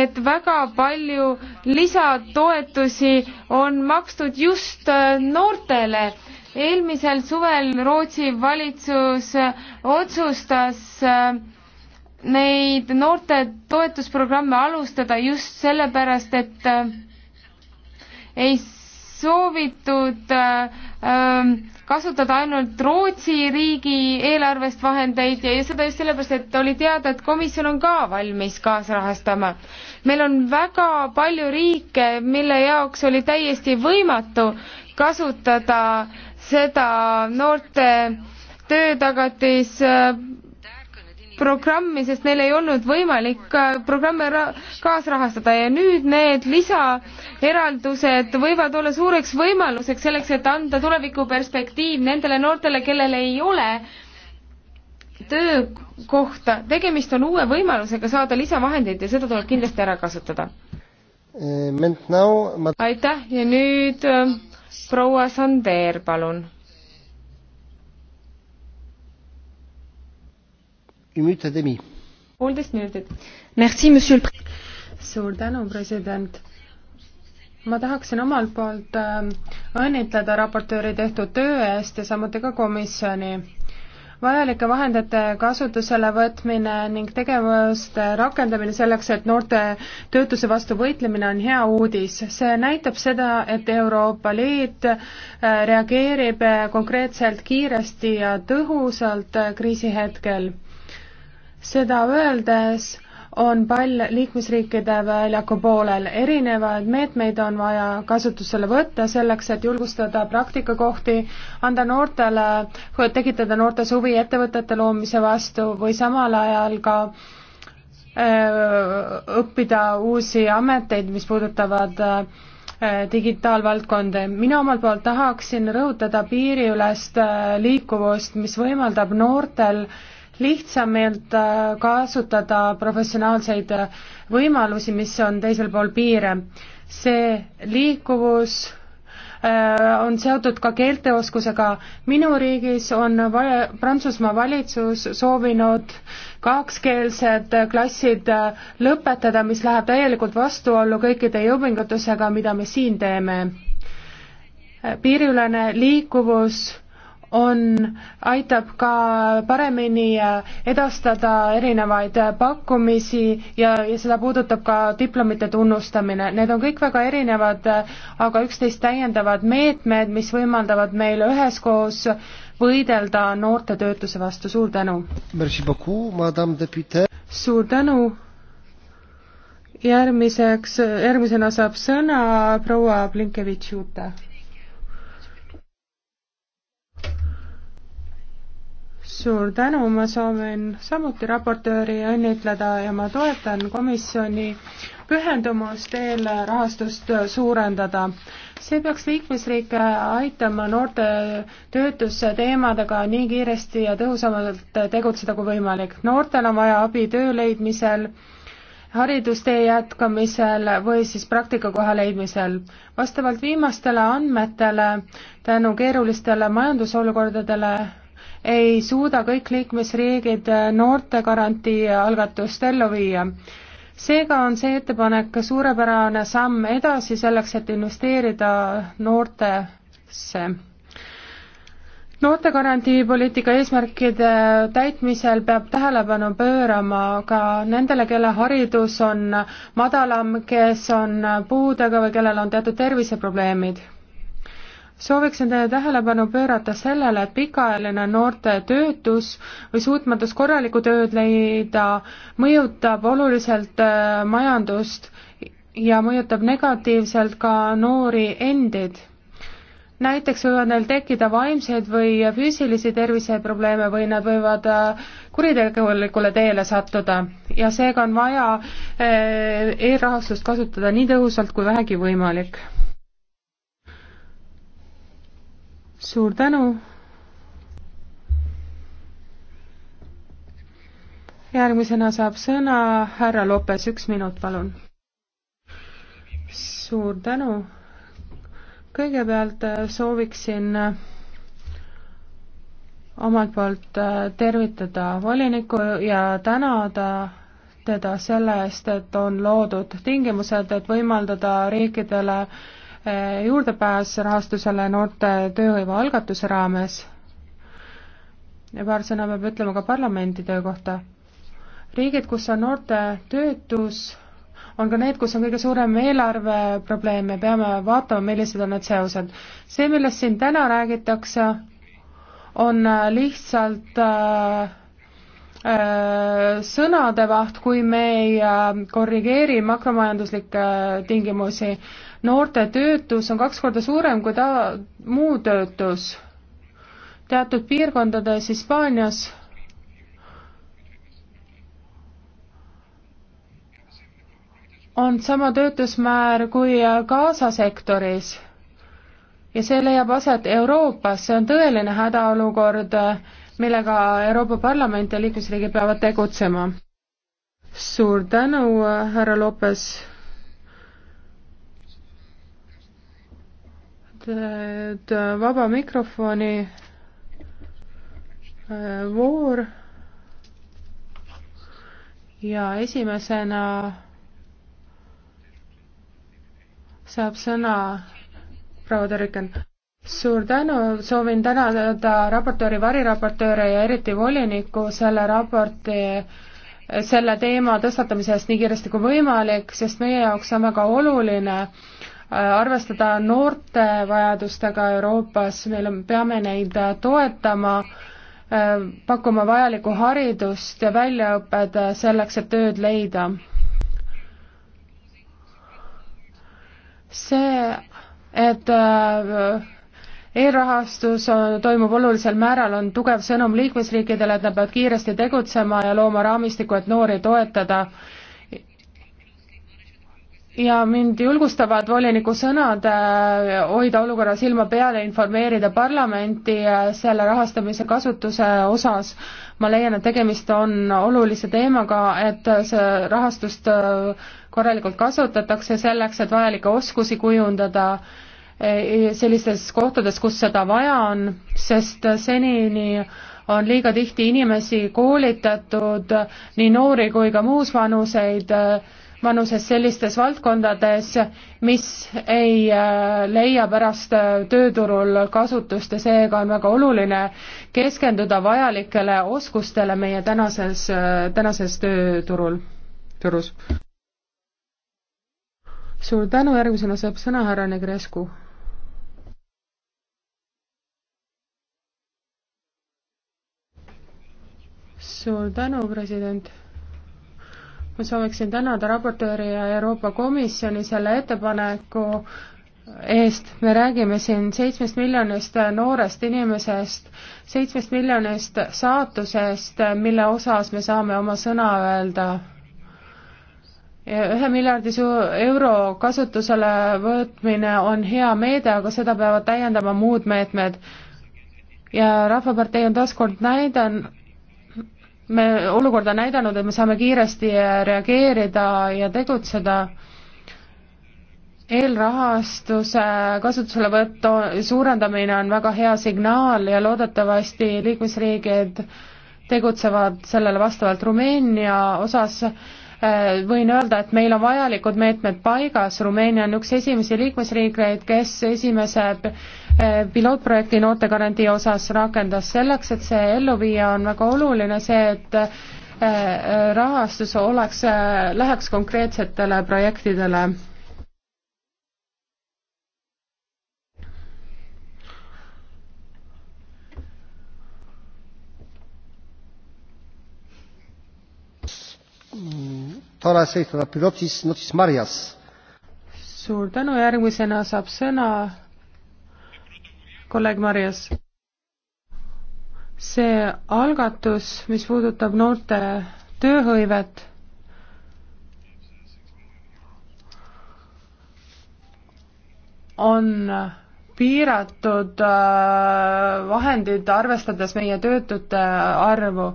et väga palju lisatoetusi on makstud just äh, noortele. eelmisel suvel Rootsi valitsus äh, otsustas äh, neid noorte toetusprogramme alustada just sellepärast, et ei soovitud äh, ähm, kasutada ainult Rootsi riigi eelarvest vahendeid ja seda just sellepärast, et oli teada, et komisjon on ka valmis kaasrahastama. meil on väga palju riike, mille jaoks oli täiesti võimatu kasutada seda noorte töötagatis äh, programmi, sest neil ei olnud võimalik äh, programme kaasrahastada ja nüüd need lisaeraldused võivad olla suureks võimaluseks selleks, et anda tulevikuperspektiiv nendele noortele, kellel ei ole töökohta. tegemist on uue võimalusega saada lisavahendeid ja seda tuleb kindlasti ära kasutada. Eh, aitäh ja nüüd äh, proua Sander, palun poolteist minutit. suur tänu, president ma tahaksin omalt poolt äh, õnnitleda raportööri tehtud töö eest ja samuti ka komisjoni. vajalike vahendite kasutusele võtmine ning tegevuste rakendamine selleks, et noorte töötuse vastu võitlemine on hea uudis. see näitab seda, et Euroopa Liit äh, reageerib konkreetselt kiiresti ja tõhusalt kriisi hetkel seda öeldes on pall liikmesriikide väljaku poolel. erinevaid meetmeid on vaja kasutusele võtta selleks, et julgustada praktikakohti, anda noortele, tekitada noortes huvi ettevõtete loomise vastu või samal ajal ka õppida uusi ameteid, mis puudutavad digitaalvaldkondi. mina omalt poolt tahaksin rõhutada piiriülest liikuvust, mis võimaldab noortel äh, lihtsamalt äh, kasutada professionaalseid äh, võimalusi, mis on teisel pool piire. see liikuvus äh, on seotud ka keelteoskusega. minu riigis on va-, Prantsusmaa valitsus soovinud kakskeelsed klassid lõpetada, mis läheb täielikult vastuollu kõikide jõupingutusega, mida me siin teeme. piiriülene liikuvus on, aitab ka paremini edastada erinevaid pakkumisi ja, ja seda puudutab ka diplomite tunnustamine. Need on kõik väga erinevad, aga üksteist täiendavad meetmed, mis võimaldavad meil üheskoos võidelda noorte töötuse vastu, suur tänu! suur tänu! järgmiseks, järgmisena saab sõna proua Blinkevitš-Jute suur tänu, ma soovin samuti raportööri õnnitleda ja ma toetan komisjoni pühendumust eelrahastust suurendada. see peaks liikmesriike aitama noorte töötuse teemadega nii kiiresti ja tõhusamalt tegutseda kui võimalik. noortel on vaja abi töö leidmisel, haridustee jätkamisel või siis praktikakoha leidmisel. vastavalt viimastele andmetele tänu keerulistele majandusolukordadele ei suuda kõik liikmesriigid noortegarantii algatust ellu viia. seega on see ettepanek suurepärane samm edasi selleks, et investeerida noortesse noortegarantii poliitika eesmärkide täitmisel peab tähelepanu pöörama ka nendele, kelle haridus on madalam, kes on puudega või kellel on teatud terviseprobleemid sooviksin teie tähelepanu pöörata sellele, et pikaajaline noorte töötus või suutmatus korralikku tööd leida mõjutab oluliselt äh, majandust ja mõjutab negatiivselt ka noori endid. näiteks võivad neil tekkida vaimseid või füüsilisi terviseprobleeme või nad võivad äh, kuritegelikule teele sattuda ja seega on vaja äh, e-rahastust kasutada nii tõhusalt kui vähegi võimalik suur tänu. järgmisena saab sõna härra Lopes, üks minut, palun. suur tänu. kõigepealt äh, sooviksin äh, omalt poolt äh, tervitada volinikku ja tänada teda selle eest, et on loodud tingimused, et võimaldada riikidele Äh, juurdepääs rahastusele noorte tööhõive algatuse raames. ja paar sõna peab ütlema ka parlamendi töö kohta. riigid, kus on noorte töötus, on ka need, kus on kõige suurem eelarveprobleem ja peame vaatama, millised on need seosed. see, millest siin täna räägitakse, on lihtsalt äh, äh sõnadevaht, kui me ei äh, korrigeeri makromajanduslikke tingimusi noorte töötus on kaks korda suurem kui ta-, muu töötus. teatud piirkondades Hispaanias on sama töötusmäär kui Gaza sektoris ja see leiab aset Euroopas, see on tõeline hädaolukord, millega Euroopa Parlament ja liikmesriigid peavad tegutsema. suur tänu, härra Lopes et vaba mikrofoni äh, voor ja esimesena saab sõna proua Tõrjuken. suur tänu, soovin tänada raportööri, variraportööre ja eriti volinikku selle raporti selle teema tõstatamise eest nii kiiresti kui võimalik, sest meie jaoks on väga oluline äh, arvestada noorte vajadustega Euroopas, meil on, peame neid toetama, äh, pakkuma vajalikku haridust ja väljaõpet selleks, et tööd leida. see, et äh, eelrahastus on, toimub olulisel määral, on tugev sõnum liikmesriikidele, et nad peavad kiiresti tegutsema ja looma raamistiku, et noori toetada ja mind julgustavad voliniku sõnad äh, hoida olukorra silma peal ja informeerida parlamenti äh, selle rahastamise kasutuse osas. ma leian, et tegemist on olulise teemaga, et see rahastust äh, korralikult kasutatakse selleks, et vajalikke oskusi kujundada sellistes kohtades, kus seda vaja on, sest senini on liiga tihti inimesi koolitatud, nii noori kui ka muus vanuseid, vanuses sellistes valdkondades, mis ei äh, leia pärast äh, tööturul kasutust ja seega on väga oluline keskenduda vajalikele oskustele meie tänases, äh, tänases tööturul, turus. suur tänu, järgmisena saab sõna härra Negrescu. suur tänu, president ma sooviksin tänada raportööri ja Euroopa Komisjoni selle ettepaneku eest, me räägime siin seitsmest miljonist noorest inimesest, seitsmest miljonist saatusest, mille osas me saame oma sõna öelda. ühe miljardi euro kasutusele võtmine on hea meede, aga seda peavad täiendama muud meetmed. ja Rahvapartei on taaskord näidanud, me, olukord on näidanud, et me saame kiiresti reageerida ja tegutseda eelrahastuse kasutuselevõttu suurendamine on väga hea signaal ja loodetavasti liikmesriigid tegutsevad sellele vastavalt Rumeenia osas äh, võin öelda, et meil on vajalikud meetmed paigas, Rumeenia on üks esimesi liikmesriike, kes esimese pilootprojekti noortegarantii osas rakendas. selleks, et see ellu viia, on väga oluline see, et äh, rahastus oleks, äh, läheks konkreetsetele projektidele. suur tänu, järgmisena saab sõna kolleeg Marjas. see algatus, mis puudutab noorte tööhõivet, on piiratud äh, vahendid, arvestades meie töötute arvu.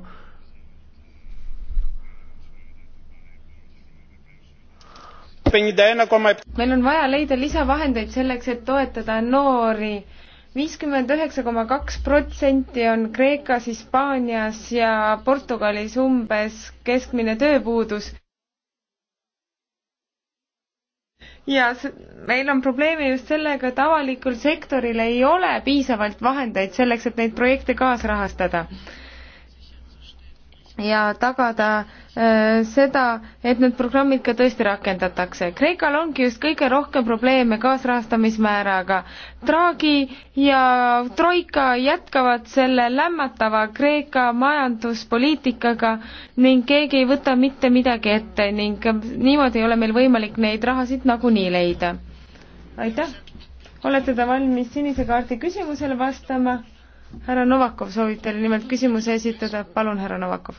meil on vaja leida lisavahendeid selleks, et toetada noori viiskümmend üheksa koma kaks protsenti on Kreekas, Hispaanias ja Portugalis umbes keskmine tööpuudus. ja meil on probleeme just sellega, et avalikul sektoril ei ole piisavalt vahendeid selleks, et neid projekte kaasrahastada ja tagada äh, seda, et need programmid ka tõesti rakendatakse. Kreekal ongi just kõige rohkem probleeme kaasrahastamismääraga. Draghi ja Troika jätkavad selle lämmatava Kreeka majanduspoliitikaga ning keegi ei võta mitte midagi ette ning niimoodi ei ole meil võimalik neid rahasid nagunii leida. aitäh! olete te valmis sinise kaardi küsimusele vastama? härra Novakov soovib teile nimelt küsimuse esitada, palun, härra Novakov.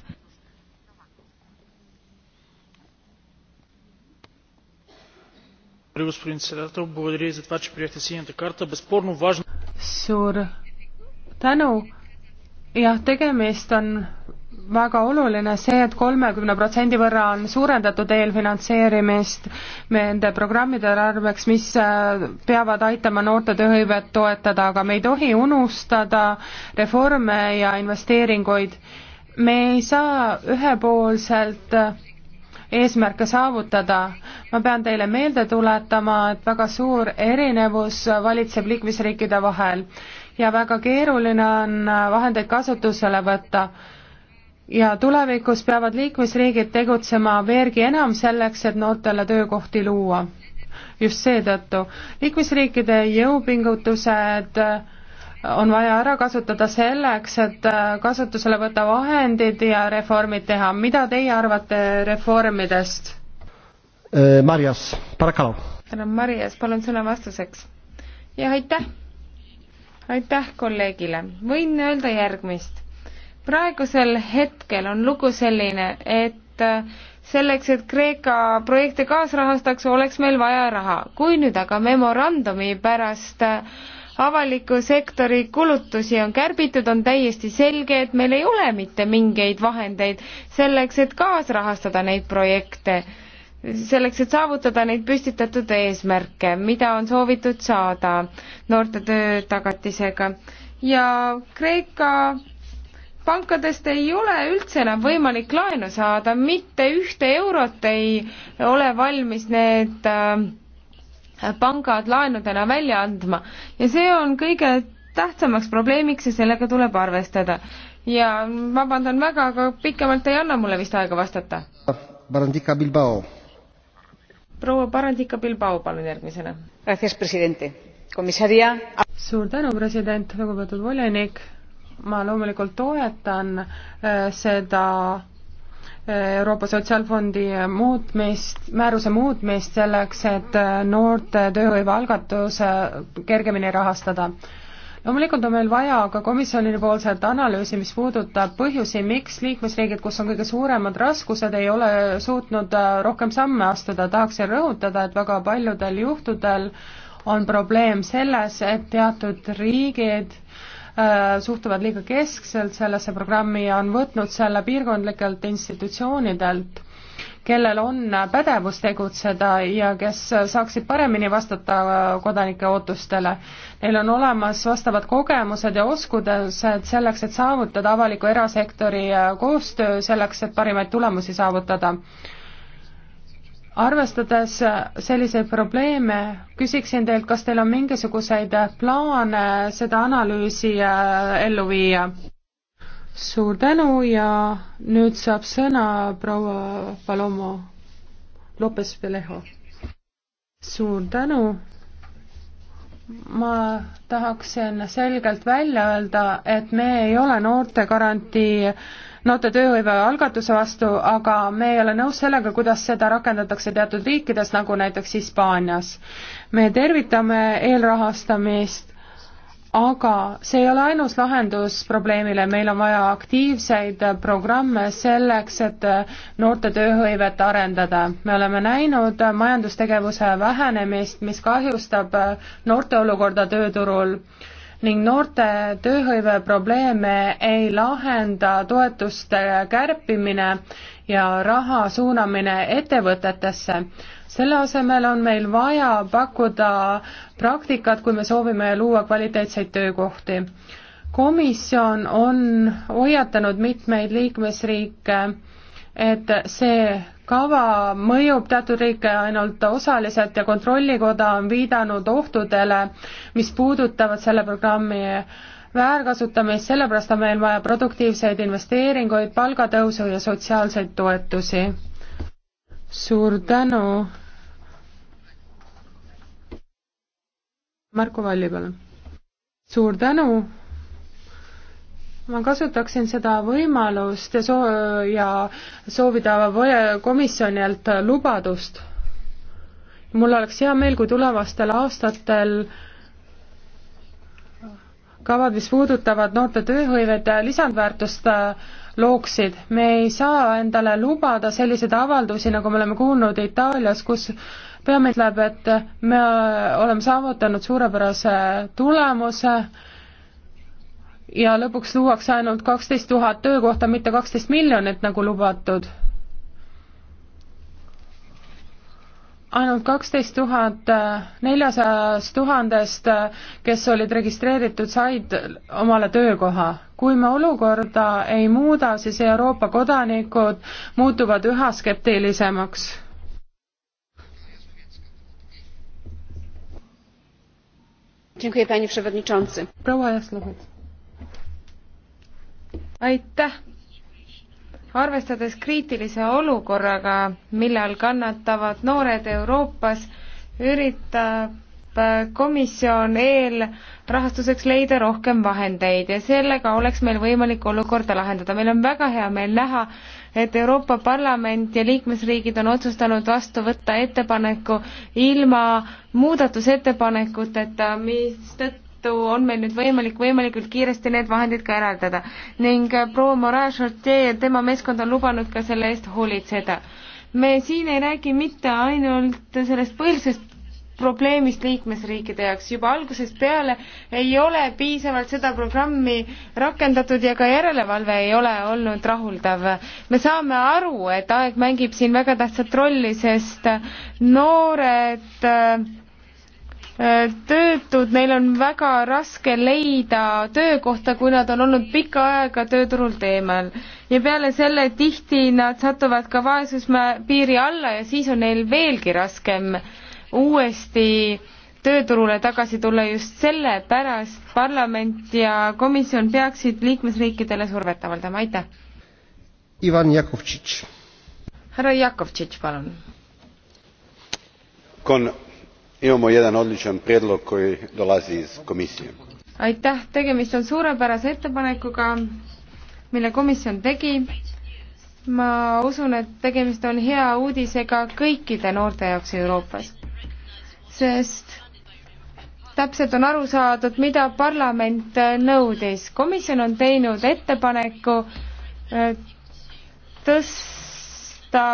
suur tänu, jah, tegemist on väga oluline see et, et kolmekümne protsendi võrra on suurendatud eelfinantseerimist nende programmide arveks, mis äh, peavad aitama noorte tööhõivet toetada, aga me ei tohi unustada reforme ja investeeringuid. me ei saa ühepoolselt äh, eesmärke saavutada. ma pean teile meelde tuletama, et väga suur erinevus valitseb liikmesriikide vahel ja väga keeruline on äh, vahendeid kasutusele võtta ja tulevikus peavad liikmesriigid tegutsema veelgi enam selleks, et noortele töökohti luua. just seetõttu liikmesriikide jõupingutused äh, on vaja ära kasutada selleks, et äh, kasutusele võtta vahendid ja reformid teha. mida teie arvate reformidest? Äh, Marias, Parakalo. härra Marias, palun sõna vastuseks. jah, aitäh. aitäh kolleegile. võin öelda järgmist praegusel hetkel on lugu selline, et äh, selleks, et Kreeka projekte kaasrahastaks, oleks meil vaja raha. kui nüüd aga memorandumi pärast äh, avaliku sektori kulutusi on kärbitud, on täiesti selge, et meil ei ole mitte mingeid vahendeid selleks, et kaasrahastada neid projekte, selleks, et saavutada neid püstitatud eesmärke, mida on soovitud saada noorte töötagatisega. ja Kreeka pankadest ei ole üldse enam võimalik laenu saada, mitte ühte eurot ei ole valmis need äh, pangad laenudena välja andma ja see on kõige tähtsamaks probleemiks ja sellega tuleb arvestada. ja vabandan väga, aga pikemalt ei anna mulle vist aega vastata. Barandika Bilbao. proua Barandika Bilbao, palun järgmisena. suur tänu, president, lugupeetud volinik ma loomulikult toetan äh, seda äh, Euroopa Sotsiaalfondi muutmist, määruse muutmist selleks, et äh, noorte tööhõive algatuse kergemini rahastada. loomulikult on meil vaja ka komisjonipoolset analüüsi, mis puudutab põhjusi, miks liikmesriigid, kus on kõige suuremad raskused, ei ole suutnud rohkem samme astuda, tahaksin rõhutada, et väga paljudel juhtudel on probleem selles, et teatud riigid Äh, suhtuvad liiga keskselt sellesse programmi ja on võtnud selle piirkondlikelt institutsioonidelt, kellel on pädevus tegutseda ja kes saaksid paremini vastata äh, kodanike ootustele. Neil on olemas vastavad kogemused ja oskused selleks, et saavutada avaliku erasektori äh, koostöö, selleks, et parimaid tulemusi saavutada arvestades selliseid probleeme, küsiksin teilt, kas teil on mingisuguseid plaane seda analüüsi äh, ellu viia? suur tänu ja nüüd saab sõna proua Palomo Lopes Peleho. suur tänu. ma tahaksin selgelt välja öelda, et me ei ole noortegarantii noorte tööhõive algatuse vastu, aga me ei ole nõus sellega, kuidas seda rakendatakse teatud riikides, nagu näiteks Hispaanias. me tervitame eelrahastamist, aga see ei ole ainus lahendus probleemile, meil on vaja aktiivseid programme selleks, et noorte tööhõivet arendada. me oleme näinud majandustegevuse vähenemist, mis kahjustab noorte olukorda tööturul ning noorte tööhõive probleeme ei lahenda toetuste kärpimine ja raha suunamine ettevõtetesse. selle asemel on meil vaja pakkuda praktikat, kui me soovime luua kvaliteetseid töökohti. komisjon on hoiatanud mitmeid liikmesriike, et see kava mõjub teatud riike ainult osaliselt ja Kontrollikoda on viidanud ohtudele, mis puudutavad selle programmi väärkasutamist, sellepärast on meil vaja produktiivseid investeeringuid, palgatõusu ja sotsiaalseid toetusi. suur tänu. Marko Valli, palun. suur tänu ma kasutaksin seda võimalust ja soo-, ja soovida komisjonilt lubadust. mul oleks hea meel, kui tulevastel aastatel kavad, mis puudutavad noorte tööhõivet ja lisandväärtust, äh, looksid. me ei saa endale lubada selliseid avaldusi, nagu me oleme kuulnud Itaalias, kus peaminister ütleb, et me äh, oleme saavutanud suurepärase tulemuse, ja lõpuks luuakse ainult kaksteist tuhat töökohta, mitte kaksteist miljonit, nagu lubatud. ainult kaksteist tuhat neljasajast tuhandest, kes olid registreeritud, said omale töökoha. kui me olukorda ei muuda, siis Euroopa kodanikud muutuvad üha skeptilisemaks panie przewodniczący! aitäh! arvestades kriitilise olukorraga, millal kannatavad noored Euroopas, üritab äh, komisjon eelrahastuseks leida rohkem vahendeid ja sellega oleks meil võimalik olukorda lahendada. meil on väga hea meel näha, et Euroopa Parlament ja liikmesriigid on otsustanud vastu võtta ettepaneku ilma muudatusettepanekuteta, mistõttu tõttu on meil nüüd võimalik võimalikult kiiresti need vahendid ka eraldada ning äh, proua Moraes ja tema meeskond on lubanud ka selle eest hoolitseda. me siin ei räägi mitte ainult sellest põhilisest probleemist liikmesriikide jaoks. juba algusest peale ei ole piisavalt seda programmi rakendatud ja ka järelevalve ei ole olnud rahuldav. me saame aru, et aeg mängib siin väga tähtsat rolli, sest noored äh, Äh, töötud, neil on väga raske leida töökohta, kui nad on olnud pikka aega tööturult eemal. ja peale selle tihti nad satuvad ka vaesuspiiri alla ja siis on neil veelgi raskem uuesti tööturule tagasi tulla just sellepärast parlament ja komisjon peaksid liikmesriikidele survet avaldama, aitäh! Ivan Jakovtšitš. härra Jakovtšitš, palun! imamo jedan odličan prijedlog koji dolazi iz komisije. aitäh, tegemist on suurepärase ettepanekuga, mille komisjon tegi. ma usun, et tegemist on hea uudisega kõikide noorte jaoks Euroopas, sest täpselt on aru saadud, mida parlament nõudis. komisjon on teinud ettepaneku äh, tõsta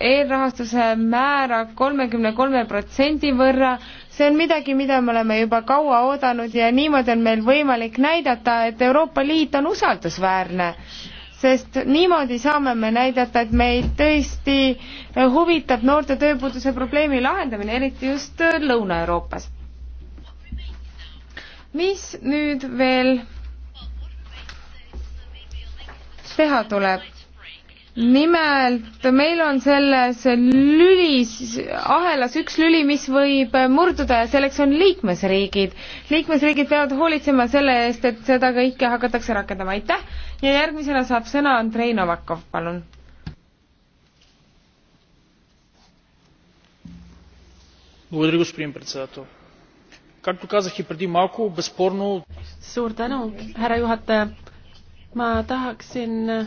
eelrahastuse määra kolmekümne kolme protsendi võrra. see on midagi, mida me oleme juba kaua oodanud ja niimoodi on meil võimalik näidata, et Euroopa Liit on usaldusväärne sest niimoodi saame me näidata, et meid tõesti huvitab noorte tööpuuduse probleemi lahendamine, eriti just Lõuna-Euroopas. mis nüüd veel teha tuleb? nimelt meil on selles lülis, ahelas üks lüli, mis võib murduda ja selleks on liikmesriigid. liikmesriigid peavad hoolitsema selle eest, et seda kõike hakatakse rakendama, aitäh! ja järgmisena saab sõna Andrei Novakov, palun. suur tänu, härra juhataja. ma tahaksin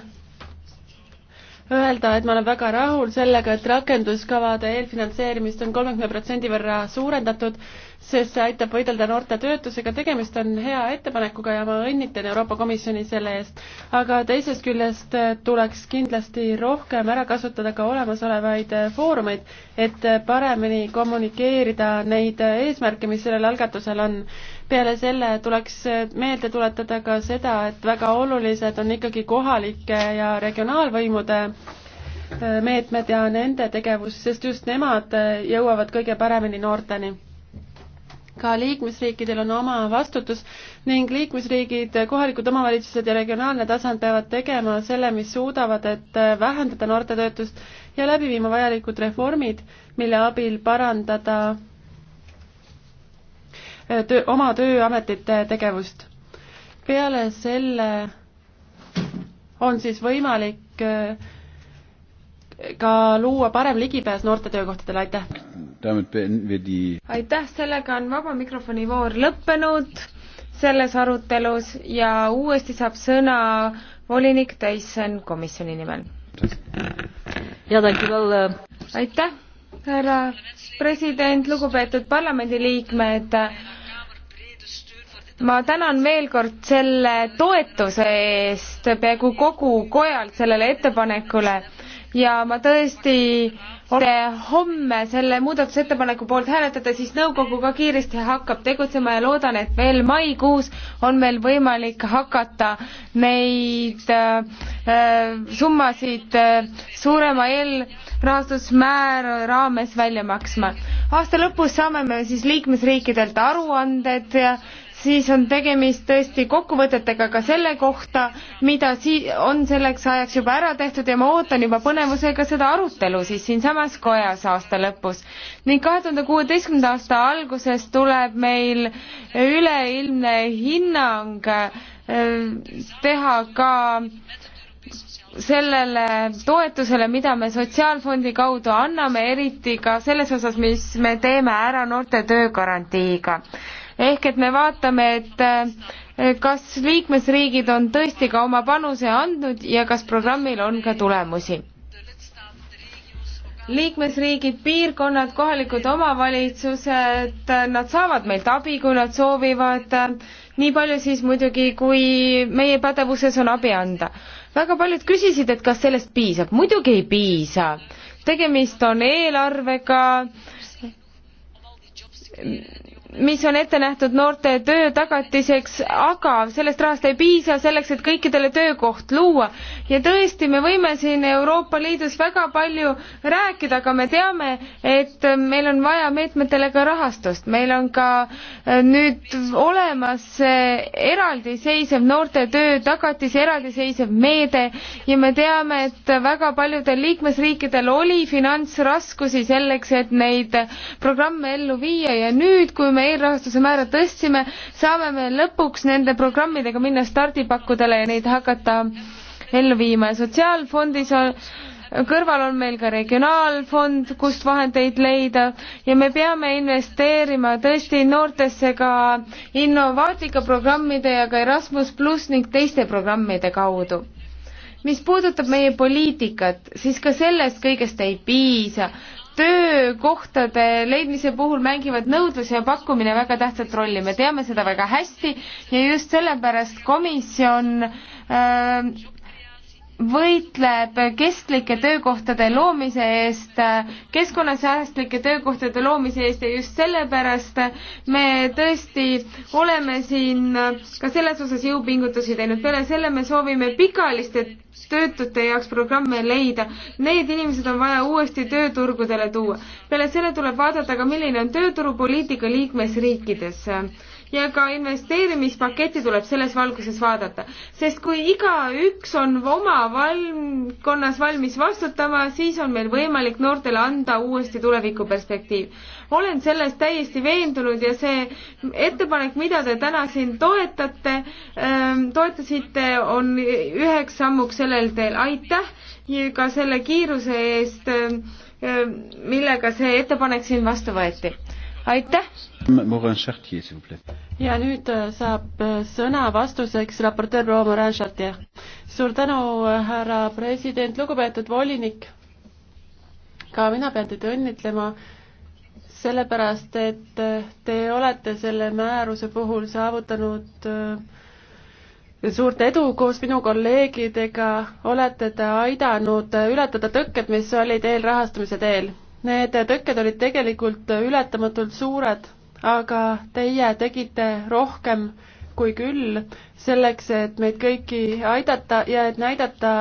öelda, et ma olen väga rahul sellega, et rakenduskavade eelfinantseerimist on kolmekümne protsendi võrra suurendatud sest see aitab võidelda noorte töötusega, tegemist on hea ettepanekuga ja ma õnnitan Euroopa Komisjoni selle eest. aga teisest küljest äh, tuleks kindlasti rohkem ära kasutada ka olemasolevaid äh, foorumeid, et äh, paremini kommunikeerida neid eesmärke, mis sellel algatusel on. peale selle tuleks meelde tuletada ka seda, et väga olulised on ikkagi kohalike ja regionaalvõimude meetmed ja nende tegevus, sest just nemad jõuavad kõige paremini noorteni ka liikmesriikidel on oma vastutus ning liikmesriigid, kohalikud omavalitsused ja regionaalne tasand peavad tegema selle, mis suudavad, et vähendada noortetöötust ja läbi viima vajalikud reformid, mille abil parandada eh, töö, oma tööametite tegevust. peale selle on siis võimalik eh, ka luua parem ligipääs noorte töökohtadele, aitäh! aitäh, sellega on vaba mikrofoni voor lõppenud selles arutelus ja uuesti saab sõna volinik Tyson komisjoni nimel. Eh. aitäh, härra president, lugupeetud parlamendiliikmed. ma tänan veel kord selle toetuse eest peaaegu kogu kojalt sellele ettepanekule ja ma tõesti homme selle muudatusettepaneku poolt hääletada, siis nõukogu ka kiiresti hakkab tegutsema ja loodan, et veel maikuus on meil võimalik hakata neid äh, äh summasid äh, suurema eelrahastusmäära raames välja maksma. aasta lõpus saame me siis liikmesriikidelt aruanded ja siis on tegemist tõesti kokkuvõtetega ka selle kohta, mida sii-, on selleks ajaks juba ära tehtud ja ma ootan juba põnevusega seda arutelu siis siinsamas kojas aasta lõpus. ning kahe tuhande kuueteistkümnenda aasta alguses tuleb meil üleilmne hinnang äh, teha ka sellele toetusele, mida me Sotsiaalfondi kaudu anname, eriti ka selles osas, mis me teeme ära noorte töögarantiiga ehk et me vaatame, et eh, kas liikmesriigid on tõesti ka oma panuse andnud ja kas programmil on ka tulemusi liikmesriigid, piirkonnad, kohalikud omavalitsused, nad saavad meilt abi, kui nad soovivad, nii palju siis muidugi, kui meie pädevuses on abi anda. väga paljud küsisid, et kas sellest piisab, muidugi ei piisa, tegemist on eelarvega, mis on ette nähtud noorte töö tagatiseks, aga sellest rahast ei piisa selleks, et kõikidele töökoht luua. ja tõesti, me võime siin Euroopa Liidus väga palju rääkida, aga me teame, et meil on vaja meetmetele ka rahastust. meil on ka äh, nüüd olemas äh, eraldiseisev noorte töö tagatis, eraldiseisev meede ja me teame, et väga paljudel liikmesriikidel oli finantsraskusi selleks, et neid programme ellu viia ja nüüd, kui me eelrahastuse määra tõstsime, saame me lõpuks nende programmidega minna stardipakkudele ja neid hakata ellu viima ja sotsiaalfondis on kõrval on meil ka regionaalfond, kust vahendeid leida ja me peame investeerima tõesti noortesse ka innovaatika programmide ja ka Erasmus pluss ning teiste programmide kaudu. mis puudutab meie poliitikat, siis ka sellest kõigest ei piisa töökohtade leidmise puhul mängivad nõudlus ja pakkumine väga tähtsat rolli, me teame seda väga hästi ja just sellepärast komisjon äh, võitleb kestlike töökohtade loomise eest, keskkonnasäästlike töökohtade loomise eest ja just sellepärast me tõesti oleme siin ka selles osas jõupingutusi teinud. peale selle me soovime pikaajaliste töötute jaoks programme leida. Need inimesed on vaja uuesti tööturgudele tuua. peale selle tuleb vaadata ka, milline on tööturupoliitika liikmesriikides ja ka investeerimispaketti tuleb selles valguses vaadata, sest kui igaüks on oma valdkonnas valmis vastutama, siis on meil võimalik noortele anda uuesti tulevikuperspektiiv. olen selles täiesti veendunud ja see ettepanek, mida te täna siin toetate, ähm, toetasite, on üheks sammuks sellel teel, aitäh ka selle kiiruse eest, ähm, millega see ettepanek siin vastu võeti aitäh! ja nüüd äh, saab äh, sõna vastuseks raportöör proua Morin Chartier. suur tänu, äh, härra president, lugupeetud volinik! ka mina pean teid õnnitlema sellepärast, et te olete selle määruse puhul saavutanud suurt edu koos minu kolleegidega, olete te aidanud ületada tõkked, mis olid eelrahastamise teel Need tõkked olid tegelikult ületamatult suured, aga teie tegite rohkem kui küll selleks, et meid kõiki aidata ja et näidata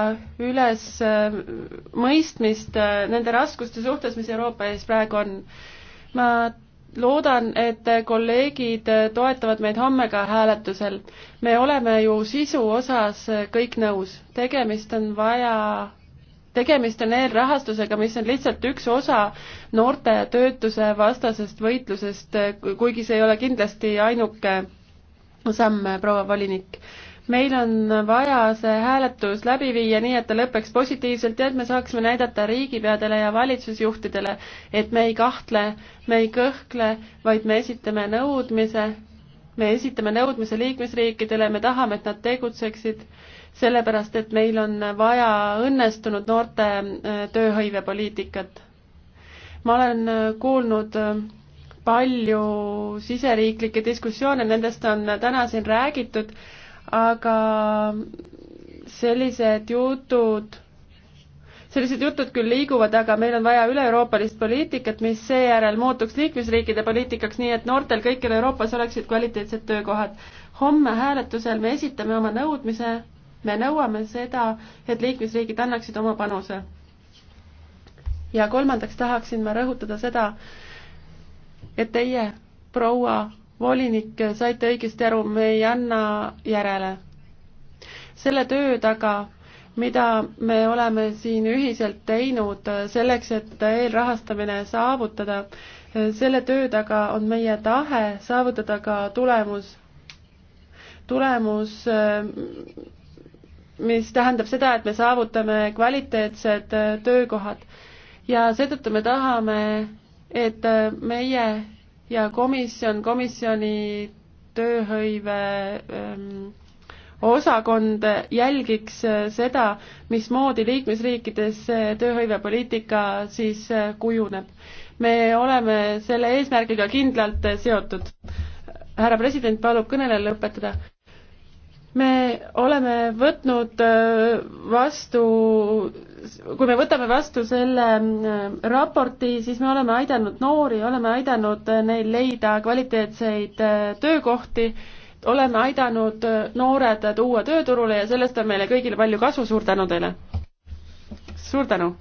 üles äh, mõistmist äh, nende raskuste suhtes, mis Euroopa ees praegu on. ma loodan, et kolleegid toetavad meid homme ka hääletusel. me oleme ju sisu osas kõik nõus, tegemist on vaja tegemist on eelrahastusega, mis on lihtsalt üks osa noorte töötuse vastasest võitlusest, kuigi see ei ole kindlasti ainuke samm, proua volinik meil on vaja see hääletus läbi viia nii, et ta lõpeks positiivselt ja et me saaksime näidata riigipeadele ja valitsusjuhtidele, et me ei kahtle, me ei kõhkle, vaid me esitame nõudmise, me esitame nõudmise liikmesriikidele, me tahame, et nad tegutseksid sellepärast et meil on vaja õnnestunud noorte äh, tööhõivepoliitikat. ma olen äh, kuulnud äh, palju siseriiklikke diskussioone, nendest on täna siin räägitud, aga sellised jutud sellised jutud küll liiguvad, aga meil on vaja üle-euroopalist poliitikat, mis seejärel muutuks liikmesriikide poliitikaks, nii et noortel kõikjal Euroopas oleksid kvaliteetsed töökohad. homme hääletusel me esitame oma nõudmise me nõuame seda, et liikmesriigid annaksid oma panuse. ja kolmandaks tahaksin ma rõhutada seda, et teie, proua volinik, saite õigesti aru, me ei anna järele. selle töö taga mida me oleme siin ühiselt teinud selleks, et eelrahastamine saavutada. selle töö taga on meie tahe saavutada ka tulemus, tulemus, mis tähendab seda, et me saavutame kvaliteetsed äh, töökohad. ja seetõttu me tahame, et äh, meie ja komisjon, komisjoni tööhõive ähm, osakond jälgiks äh, seda, mismoodi liikmesriikides tööhõivepoliitika siis kujuneb. me oleme selle eesmärgiga kindlalt seotud. härra president palub kõnele lõpetada me oleme võtnud äh, vastu, kui me võtame vastu selle äh, raporti, siis me oleme aidanud noori, oleme aidanud äh, neil leida kvaliteetseid töökohti, oleme aidanud noored tuua tööturule ja sellest on meile kõigile palju kasu, suur tänu teile! suur tänu!